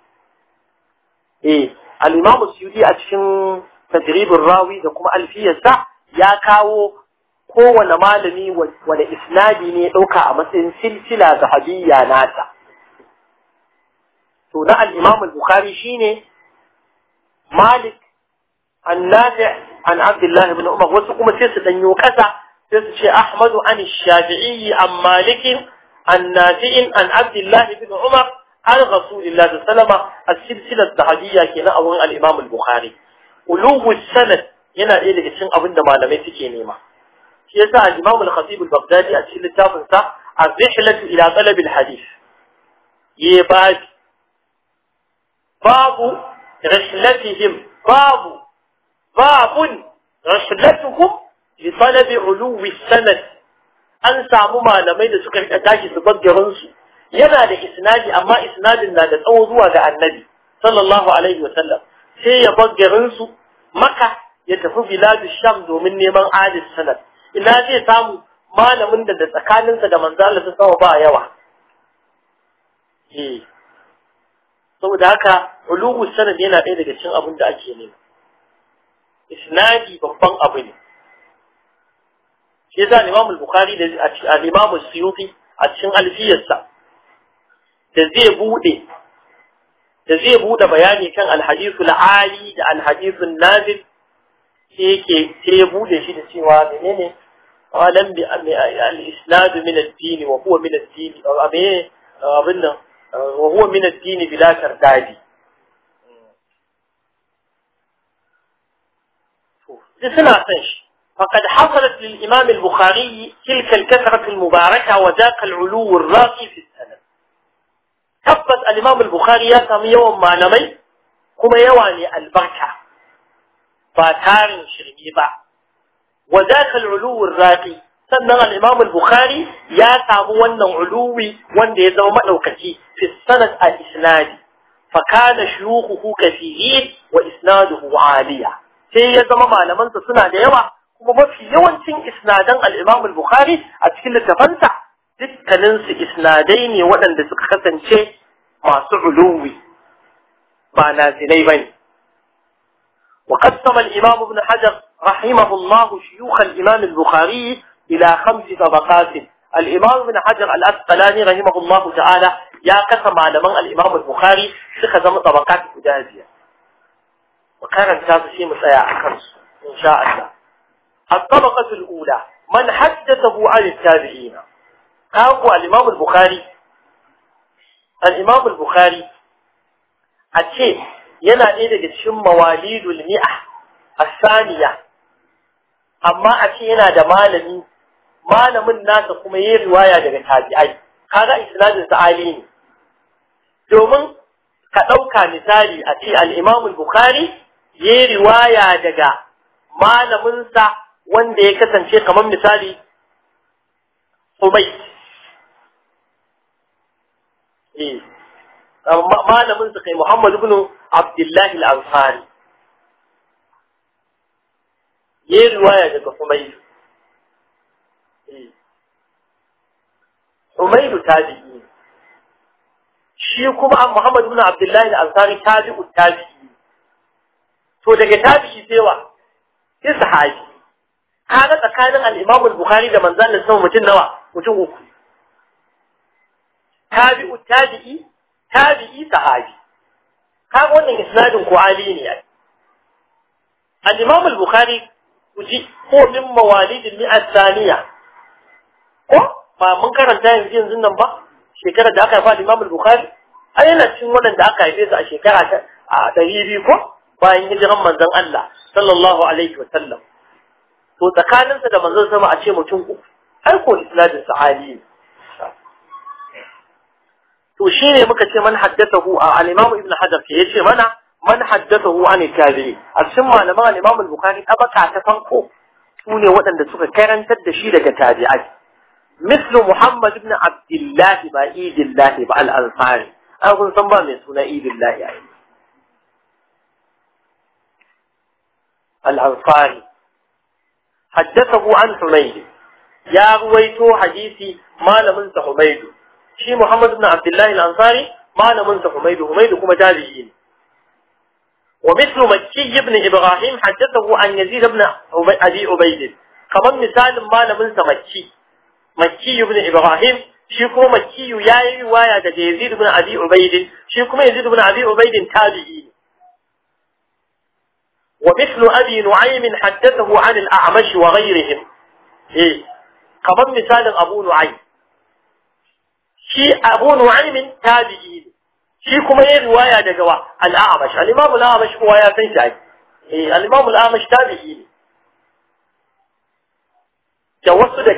eh al-Imam Suyuti a cikin tajribin rawi da kuma alfiyarsa ya kawo kowane malami wani isnadi ne ya ɗauka a matsayin silsila sahabiyya nata سناء الإمام البخاري شيني مالك عن عن عبد الله بن أمه وسقوم سيسة يوكسا سيسة شي أحمد عن الشافعي عن مالك عن عن عبد الله بن عمر عن رسول الله صلى الله عليه وسلم السلسلة الزهدية كنا أظن الإمام البخاري ولوه السنة هنا إيه لك سن أبن ما لم يتكيني ما سيسة الإمام الخطيب البغدادي السلسلة الزهدية الرحلة إلى طلب الحديث يباك babu rashlatihim babu babun rashlatuhum li talabi uluwi sanad an samu malamai da suka rika tashi su baggarin su yana da isnadi amma isnadin na da tsawo zuwa ga annabi sallallahu alaihi wasallam sai ya baggarin su maka ya tafi biladu sham domin neman adis sanad ina zai samu malamin da da tsakaninsa da manzo ta sama ba yawa eh saboda haka ulugu sanad yana ɗaya daga cikin abin da ake nema isnadi babban abu ne shi yasa Imam Bukhari da a imam Suyuti a cikin alfiyarsa da zai bude da zai bude bayani kan al-hadithu ali da al-hadithu nazil sai yake sai ya bude shi da cewa menene alam bi al-isnad min ad-din wa huwa min ad-din abin nan آه، وهو من الدين بلا ترداد فقد حصلت للإمام البخاري تلك الكثرة المباركة وذاك العلو الراقي في السنة تبت الإمام البخاري يسمي يوم ما نمي كما يواني البركة فاتار شرمي وذاك العلو الراقي sannan al-Imam al-Bukhari ya samu wannan uluwi wanda ya zama madaukaki fi sanad al-isnadi fa kana shuyukhu kathirin wa isnaduhu aliya sai ya zama malaman sa suna da yawa kuma mafi yawancin isnadan al-Imam al-Bukhari a cikin littafansa dukkanin su isnadai ne waɗanda suka kasance masu uluwi ba nazilai bane وقسم الإمام ابن حجر رحمه الله شيوخ الإمام البخاري إلى خمس طبقات الإمام بن حجر الأسقلاني رحمه الله تعالى يا كثر على من الإمام البخاري سخزم طبقات الجاهزية وكان تاسو شيء مسايا خمس إن شاء الله الطبقة الأولى من حدثه عن التابعين قالوا الإمام البخاري الإمام البخاري أتي ينا ɗaya daga مواليد المئة الثانية أما amma a ce yana malamin nasa kuma yi riwaya daga tabi'ai kaga isnadin sa ali ne domin ka ɗauka misali a ce al-Imam bukhari yi riwaya daga malamin sa wanda ya kasance kamar misali Ubay eh malamin sa kai Muhammad ibn Abdullah al-Ansari yi riwaya daga Ubay umaidu tabi'i shi kuma Muhammad ibn Abdullah al-Ansari tabi'u tabi'i to daga tabi'i sai wa sai sahabi kaga tsakanin al-Imam al-Bukhari da manzon Allah sama mutum nawa mutum uku tabi'u tabi'i tabi'i sahabi kaga wannan isnadin ko ali ne ya al-Imam al-Bukhari uji ko min mawalid mi'a thaniya ko ba mun karanta yanzu yanzu nan ba shekarar da aka haifa Imam Bukhari ai yana cikin waɗanda aka haife su a shekara ta a ɗari biyu ko bayan hijiran manzon Allah sallallahu alaihi wa sallam to tsakaninsa da manzon sama a ce mutum uku ai ko isnadin sahabi ne to shine muka ce man haddathahu al-Imam Ibn Hajar ke yace mana man haddathahu an tabi'i a cikin malaman al-Imam Bukhari abaka ta fanko su ne waɗanda suka karantar da shi daga tabi'ai مثل محمد بن عبد الله با الله با الأنصاري أنا كنت سنبا من سنة ايد الله يعني الأنصاري حدثه عن حميد يا رويتو حديثي ما لمنت حميد شي محمد بن عبد الله الأنصاري ما لمنت حميد حميد كما جاليين ومثل مكي بن إبراهيم حدثه عن يزيد بن أبي عبيد كمان مثال ما لمنت مكي مكي بن إبراهيم شيكو مكي يايوي ويا دا يزيد بن أبي عبيد شيكو يزيد بن أبي عبيد تابعي ومثل أبي نعيم حدثه عن الأعمش وغيرهم قبل إيه. مثال أبو نعيم شي أبو نعيم تابعي شيكو مير ويا دا جوا الأعمش الإمام الأعمش هو يا سيسعي إيه. الإمام الأعمش تابعي جوصوا دا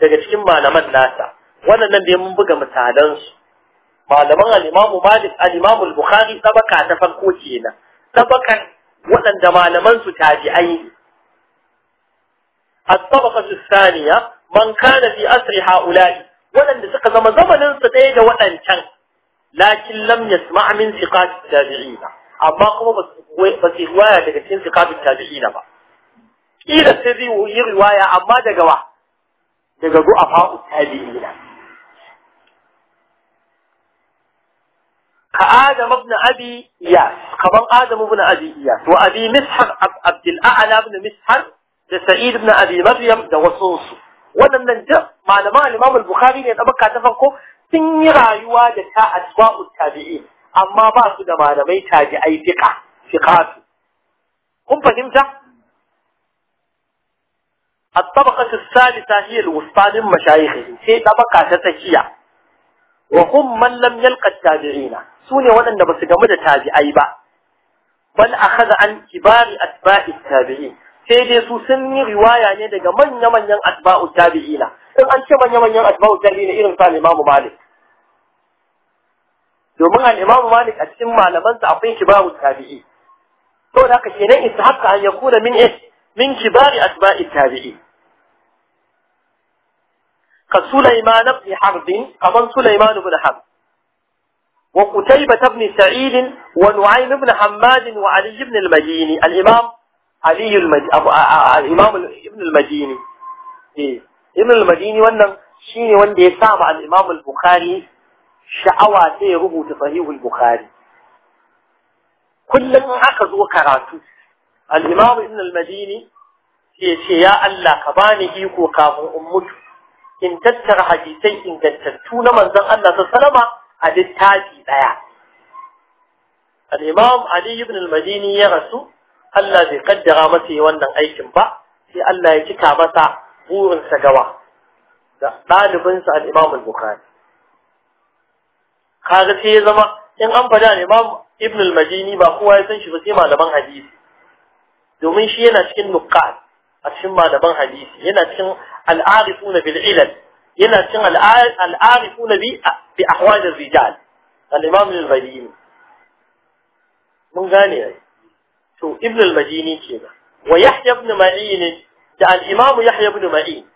daga cikin malaman nasa waɗannan dai mun buga misalansu malaman al-Imam Malik al-Imam al-Bukhari tabaka ta farko kenan tabakan waɗanda malaman su tabi'ai الطبقة الثانية من كان في أسر هؤلاء daya تسقى زمن زمن ستيد ولن كان لكن لم يسمع من ثقات التابعين أما قم بس رواية لكتين ثقات التابعين ba. kila sai zai yi riwaya amma daga wa daga du'afa usabiina ka adam ibn abi iyas kaman adam ibn abi ya wa abi mishar abdul a'la ibn mishar da sa'id ibn abi maryam da wasu su waɗannan duk malama al-imam al-bukhari ne da baka ta farko sun yi rayuwa da ta asba'u tabi'in amma ba su da malamai tabi'ai fiqa fiqatu kun fahimta الطبقة الثالثة هي الوسطى من مشايخه هي طبقة تتكية وهم من لم يلقى التابعين سوني ولن بسجمد تابعي با بل أخذ عن كبار أتباع التابعين sai dai su sun yi riwaya ne daga manya-manyan asba'u tabi'ina in an ce manya-manyan asba'u tabi'ina irin sa Imam Malik domin al Malik a cikin malamansa, akwai kibaru tabi'i to da kenan ishaq an yakuna min eh min kibari asba'i tabi'i كسليمان بن حرب كمن سليمان بن حرب وقتيبة بن سعيد ونعيم بن حماد وعلي بن المديني الإمام علي المدي أبو آه، آه، آه، الإمام ابن المديني إيه ابن المديني وأن شيني وانا يسامع الإمام البخاري شعوى سيره تصحيح البخاري كل ما أخذ وكراته الإمام ابن المديني يا الله كباني هيك وكافو أمته in tattara hadisai ingantattu na manzon Allah salama a littafi ɗaya Al’imam ali ibn al-madini ya rasu Allah zai kaddara masa yi wannan aikin ba sai Allah ya cika masa burinsa gawa da ɗalibinsa alimam al-bukhari kaga sai ya zama in an fada al’imam ibn al-madini ba kowa ya san shi ba sai malaman hadisi domin shi yana cikin nuqat a cikin malaman hadisi yana cikin العارفون بالعلل ينا شن العارفون باحوال الرجال الامام البديني من غاني تو ابن المديني كده ويحيى بن معين ده الامام يحيى بن معين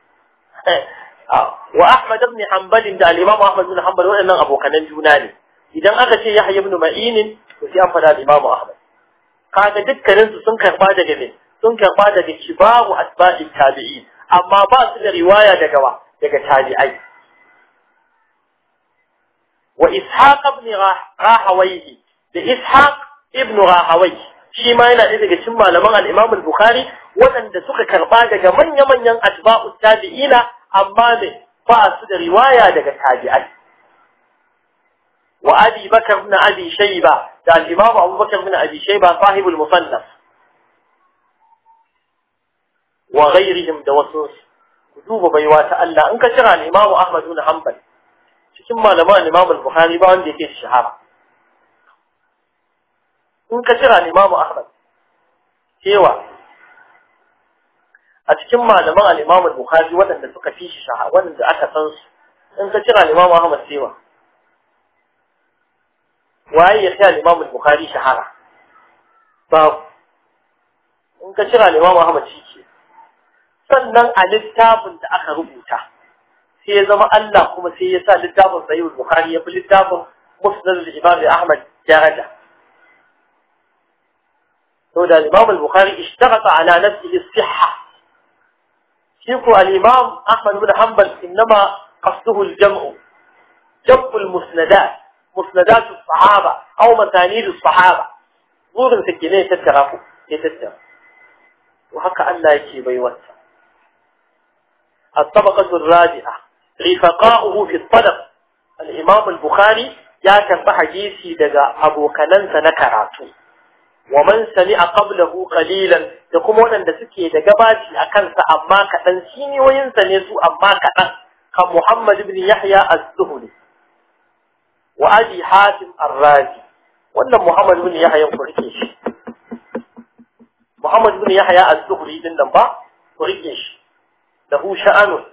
آه. آه. واحمد بن حنبل ده الامام احمد بن حنبل وانا ابو كنان جوناني idan aka ce yahya ibn ma'in to sai an fada da imamu ahmad kaga dukkanin su sun karba daga ne sun karba daga shi amma ba su da riwaya daga wa daga tabi'ai wa ishaq ibn rahawayhi da ishaq ibn rahawai shi ma yana ɗaya daga cikin malaman al-imam al-bukhari waɗanda suka karɓa daga manya-manyan atba'u tabi'ina amma ne ba su da riwaya daga tabi'ai wa abi Bakr ibn abi shayba da al-imam abubakar ibn abi shayba sahibul musannaf wa ghairihim da wasu ku duba baiwa ta Allah in ka kira al-Imam Ahmad ibn Hanbal cikin malaman Imam al-Bukhari ba wanda yake shahara in ka kira al-Imam Ahmad cewa a cikin malaman al-Imam al-Bukhari waɗanda suka fi shi shahara waɗanda aka san su in ka kira al-Imam Ahmad cewa waye ya kira al-Imam al-Bukhari shahara ba in ka kira al-Imam Ahmad shi sannan a littafin da aka rubuta sai ya zama Allah kuma sai ya sa littafin sai al-bukhari ya fi littafin musnad al-imam ahmad daraja to da imam bukhari ishtarata ala nafsihi as-sihha shi ko al-imam ahmad ibn hanbal inma qasduhu al-jam'u jam'u al-musnadat musnadat as-sahaba aw matanid as-sahaba gurin sa kenan tattara ku ya tattara to haka Allah yake baiwarsa الطبقة الراجحة رفقاؤه في الطلب الإمام البخاري يا كان بحديثي دقاء أبو كننسى نكراتو ومن سمع قبله قليلا يقوم أن سكي دقا باتي أكنسى أما كأن سيني وينسى نسو أما كأن كمحمد بن يحيى الزهري وأبي حاتم الرازي وأن محمد بن يحيى قريش محمد بن يحيى الزهري نبا قريش له شأن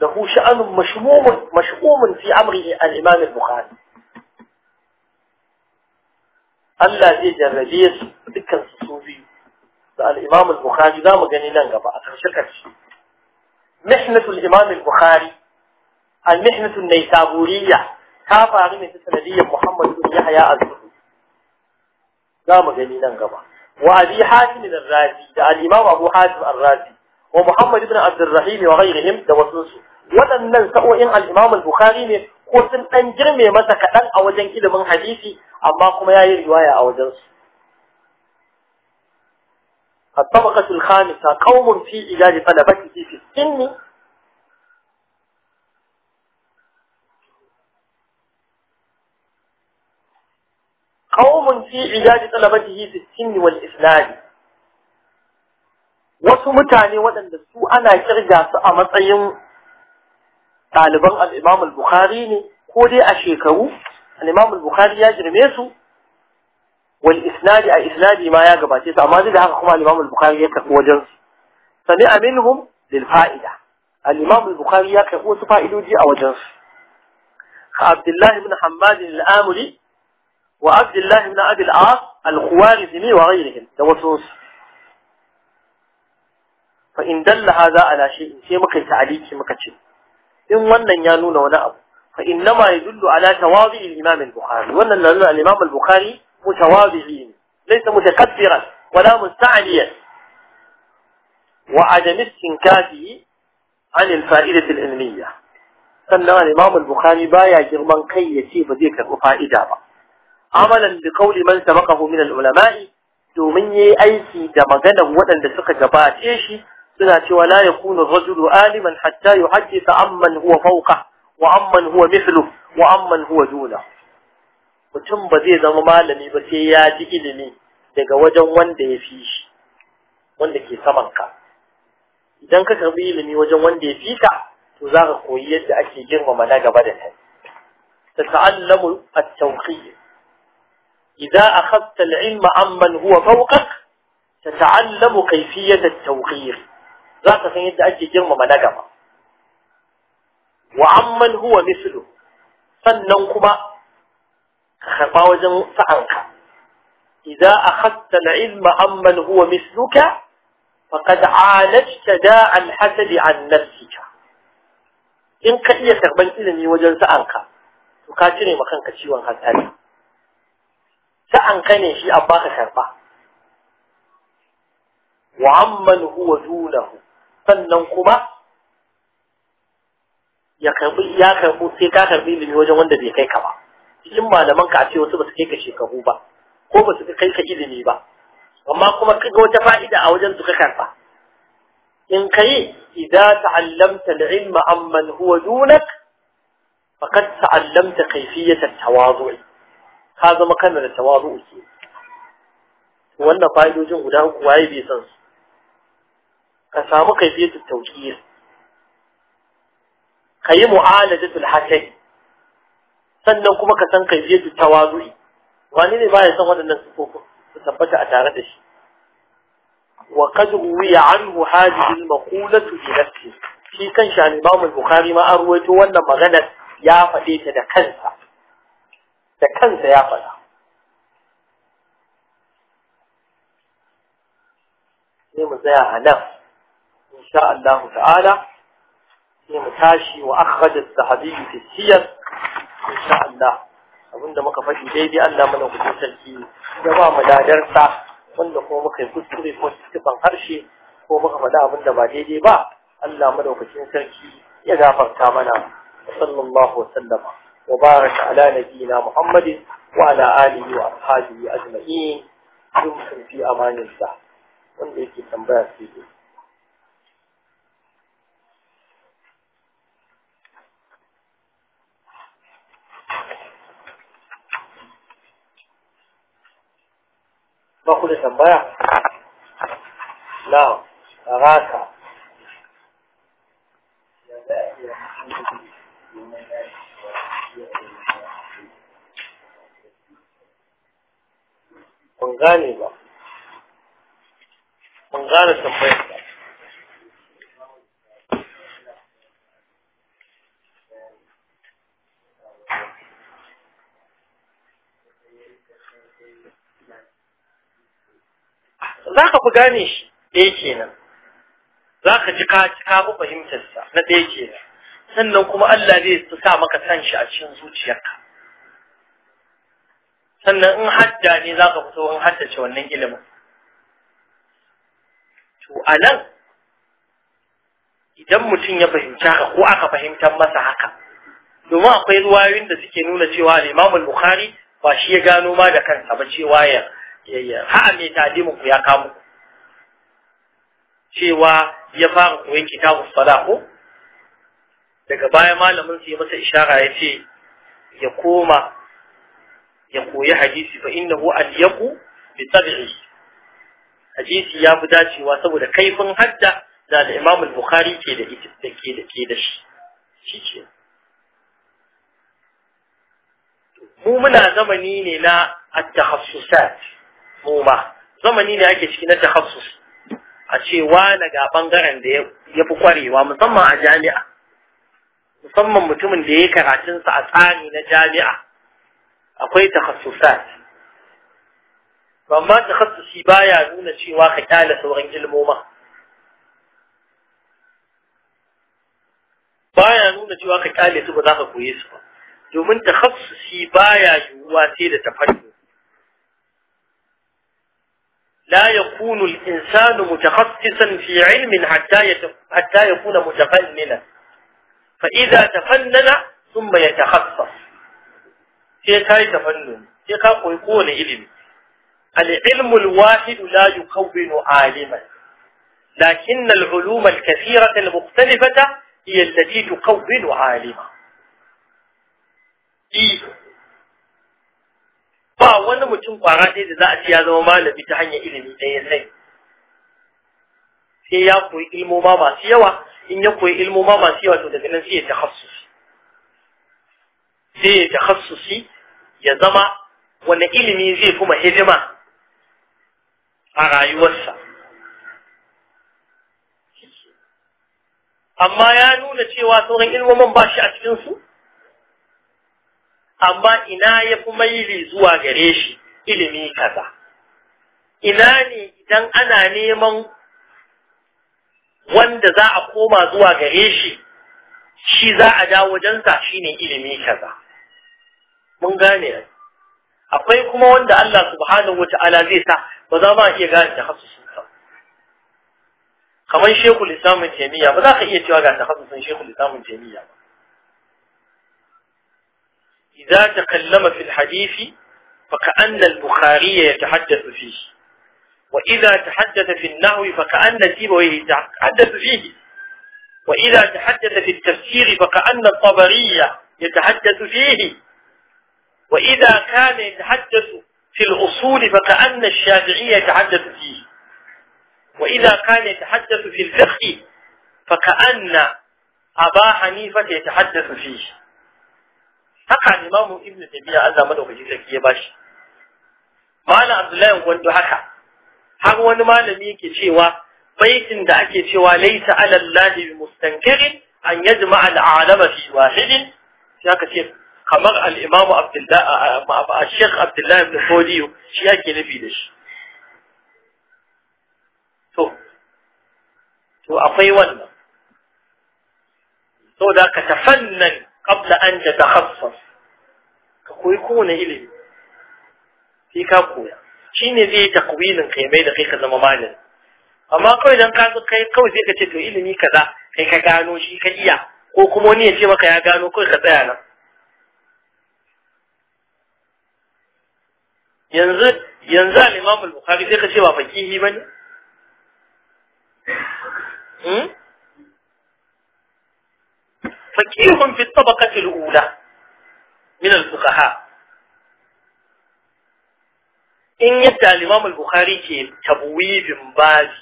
له شأن مشموم مشؤوم في أمر الإمام البخاري ألا يجر ليس ذكا الصوفي الإمام البخاري لا مجني لنغا بأترشكك محنة الإمام البخاري المحنة النيسابورية كافة عظيمة سندية محمد بن يحيى الزهري لا مجني لنغا وأبي حاتم الرازي الإمام أبو حاتم الرازي wa Muhammad ibn Abdurrahim wa ghayrihim da wasu waɗannan sa'o'in al-Imam al-Bukhari ne ko sun dan girme masa kaɗan a wajen ilimin hadisi amma kuma yayi riwaya a wajen su الطبقة الخامسة قوم في إيجاد طلبته في السن قوم في إيجاد طلبته في السن والإسلام wasu mutane waɗanda su ana kirga su a matsayin ɗaliban al'imam al-bukhari ne ko dai a shekaru al'imam al-bukhari ya girme su wal isnadi a isnadi ma ya gabace su amma zai da haka kuma al'imam al-bukhari ya karɓi wajen su sani minhum lil fa'ida al'imam al-bukhari ya karɓi wasu fa'idoji a wajen su ka abdullahi ibn hammad al-amuri wa abdullahi ibn abi al-as al-khawarizmi wa ghayrihim da wasu فإن دل هذا على شيء سيمك التعليق سيمك الشيء إن ونن ينون ونأب فإنما يدل على تواضع الإمام البخاري وأن ينون الإمام البخاري متواضعين ليس متكبرا ولا مستعليا وعدم استنكاته عن الفائدة العلمية فإن الإمام البخاري بايع جرمان كي يتيب ذلك الفائدة عملا بقول من سبقه من العلماء دومني أيسي دمغنا ودن دسق جبات إيشي suna cewa la yakunu rajulu aliman hatta yuhaddisa amman huwa fawqa wa amman huwa mithlu wa amman huwa duna mutum ba zai zama malami ba sai ya ji ilimi daga wajen wanda ya fi shi wanda ke saman ka idan ka karbi ilimi wajen wanda ya fi ka to za ka koyi yadda ake girmama na gaba da kai تتعلم التوقيع إذا أخذت العلم عمن هو فوقك تتعلم كيفية التوقير za ka san yadda ake girmama na gaba wa amman huwa mislu sannan kuma ka karba wajen sa'anka idza akhadta al-ilma amman huwa misluka faqad alajta da'an al an nafsika in ka iya karban ilimi wajen sa'anka to ka cire maka kanka ciwon hasali sa'anka ne shi abba ka karba wa amman huwa dunahu sannan kuma ya karbi ya karbi sai ka karbi ilimi wajen wanda bai kai ka ba cikin malaman ka a ce wasu ba su kai ka shekaru ba ko ba su kai ka ilimi ba amma kuma ka ga wata fa'ida a wajen su ka karba in kai idza ta'allamta al-ilma amman huwa dunak faqad ta'allamta kayfiyat at-tawadhu ka zama kana da tawadhu ke wannan fa'idojin guda uku waye bai san su ka samu kaifiyatu tawqir kayi mu'alajatul hasad sannan kuma ka san kaifiyatu tawazu'i wani ne baya san waɗannan sifofin su tabbata a tare da shi wa qad ruwiya anhu hadhihi al-maqulatu bi nafsi shi kan shani ba bukhari ma an ruwaito wannan maganar ya faɗe ta da kansa da kansa ya faɗa sai mu tsaya a nan شاء الله تعالى متاشي وأخرج الذهبي في السير إن شاء الله abinda muka faɗi daidai Allah mana kuɗin sarki ya ba mu ladarsa wanda kuma muka yi kuskure ko tukan harshe ko muka faɗa abinda ba daidai ba Allah mana kuɗin sarki ya gafarta mana sallallahu wa sallama wa baraka ala nabiyina Muhammadin wa ala alihi wa ashabihi ajma'in yumkin fi amanin sa wanda yake tambaya sai ba ku da tambaya na raka ban gane ba ban gane tambayar za ka fi gane shi ɗaya kenan za ka ji ka ku fahimtarsa na ɗaya kenan sannan kuma Allah zai su sa maka san shi a cikin zuciyarka sannan in hadda ne za ka fito in haddace wannan ilimin to a nan idan mutum ya fahimci haka ko aka fahimtar masa haka domin akwai ruwayoyin da suke nuna cewa Limamul ba shi ya gano ma da kansa ba cewa ya ha'a mai tadimin ku ya kamu cewa ya fara koyon kitabun sala ko daga baya malamin sai masa ishara ya ce ya koma ya koyi hadisi fa inna hu yaqu bi tabi'i hadisi ya fi dacewa saboda kaifin hadda da al-Imam al-Bukhari ke da da ke da shi shi ce mu muna zamani ne na at-tahassusat noma zamani ne ake ciki na tahassus a ce daga ga bangaren da ya fi kwarewa musamman a jami'a musamman mutumin da ya yi karatunsa a tsari na jami'a akwai tahassusat amma tahassusi baya nuna cewa ka kyala sauran ilmoma baya nuna cewa ka kyale su ba za ka koye su ba domin tahassusi baya yiwuwa sai da tafarki لا يكون الإنسان متخصصا في علم حتى حتى يكون متفننا فإذا تفنن ثم يتخصص في كاي تفنن في كاي يكون علم العلم الواحد لا يكون عالما لكن العلوم الكثيرة المختلفة هي التي تكون عالما إيه ba wani mutum kwara ɗaya da za a ce ya zama malami ta hanyar ilimi ɗaya sai sai ya koyi ilmoma masu yawa in ya koyi ilmoma masu yawa to daga nan sai ya tahassusi sai ya tahassusi ya zama wani ilimi zai kuma hidima a rayuwarsa amma ya nuna cewa sauran ilmomin ba shi a cikinsu amma ina ya fi maili zuwa gare shi ilimi kaza ina ne idan ana neman wanda za a koma zuwa gare shi shi za a ja wajensa ne ilimi kaza mun gane akwai kuma wanda Allah subhanahu wa ta'ala zai sa ba za ma iya gane da hasusun sa kamar shekul islamun jami'a ba za ka iya cewa ga ta sun shekul islamun jami'a ba إذا تكلم في الحديث فكأن البخاري يتحدث فيه وإذا تحدث في النحو فكأن سيبوي يتحدث فيه وإذا تحدث في التفسير فكأن الطبري يتحدث فيه وإذا كان يتحدث في الأصول فكأن الشافعي يتحدث فيه وإذا كان يتحدث في الفقه فكأن أبا حنيفة يتحدث فيه haka imamu ibnu tabiya Allah madaukaki sarki ya bashi malam abdullahi wanda haka har wani malami yake cewa baitin da ake cewa laisa ala allahi bi mustankirin an yajma al alama fi wahid shi aka ce kamar al imamu abdullahi sheikh abdullahi ibn fodiyo shi yake nufi da shi to to akwai wannan to da ka tafannan qabla an da tatakhassas ka koyi kowane ilimi sai ka koya Shi ne zai takwilin kai mai da kai ka zama malami amma kawai don ka kai kawai sai ka ce to ilimi kaza kai ka gano shi ka iya ko kuma wani ya ce maka ya gano kawai ka tsaya nan yanzu yanzu al-Imam bukhari sai ka ce ba fakihi bane hmm fi في الطبقة الأولى من الفقهاء in yadda al-Imam al-Bukhari ke tabwibin babi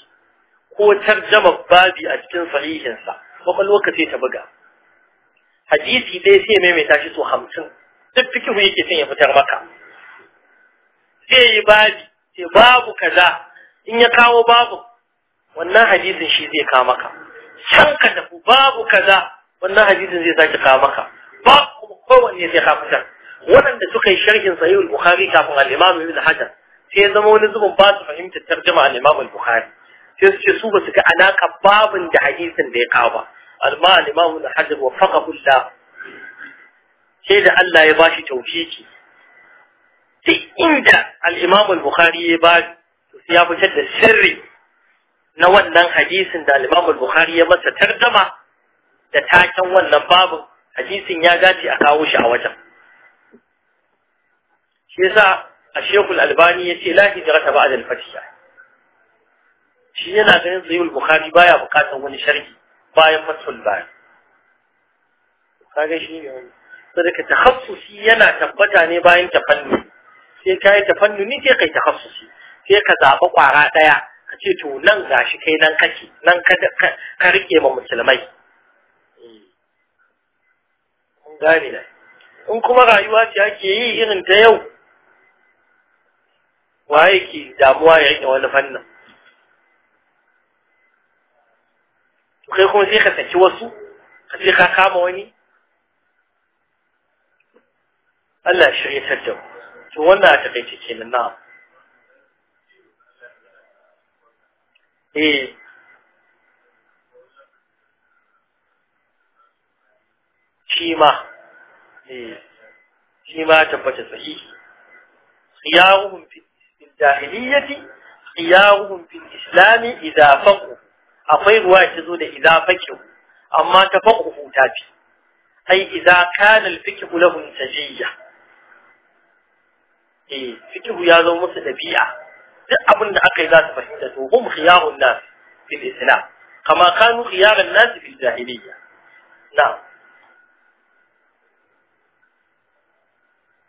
ko tarjama babi a cikin sahihin sa kuma lokaci ta buga hadisi dai sai ya maimaita shi so 50 duk fikihu yake son ya fitar maka sai yi babi sai babu kaza in ya kawo babu wannan hadisin shi zai kawo maka san ka tafi babu kaza wannan hadisin zai saki kawo maka ba kuma kowanne zai ka fitar waɗanda suka yi sharhin sahih al-bukhari kafin al-imam ibn hajar sai ya zama wani zubin ba su fahimta tarjuma al-imam al-bukhari sai su ce su ba su ga alaka babin da hadisin da ya kawo ba amma al-imam ibn hajar wafaqahu Allah sai da Allah ya bashi tawfiki sai inda al-imam al-bukhari ya ba ya fitar da sirri na wannan hadisin da al-imam al-bukhari ya masa tarjuma da taken wannan babu hadisin ya dace a kawo shi a wajen shi yasa a shekul albani ya ce jira ta ba'ad al-fatiha shi yana ganin zayul bukhari baya bukatar wani sharhi bayan fathul bayan kage shi ne wani sadaka tahassusi yana tabbata ne bayan tafannu sai kai tafannu ni ke kai tahassusi sai ka zaba kwara daya ka ce to nan gashi kai nan kake nan ka ka rike ma musulmai damina in kuma rayuwa ce ake yi irin ta yau waye ke damuwa ya rike wani fannin kai kuma sai ka saki wasu ka sai ka kama wani Allah shirya ta da to wannan a takaice kenan na eh shima ma eh, shi tabbata sahihi khiyaruhum fil jahiliyyati khiyaruhum fi islami idza faqu akwai ruwa ta zo da idza faqu amma ta faqu ta fi ai idza kana al-fiqhu lahum tajiyya eh fiqhu ya zo musu dabi'a duk abin da aka yi za su fahimta to hum khiyarun nas fil islam kama kanu khiyaran nas fil jahiliyya na'am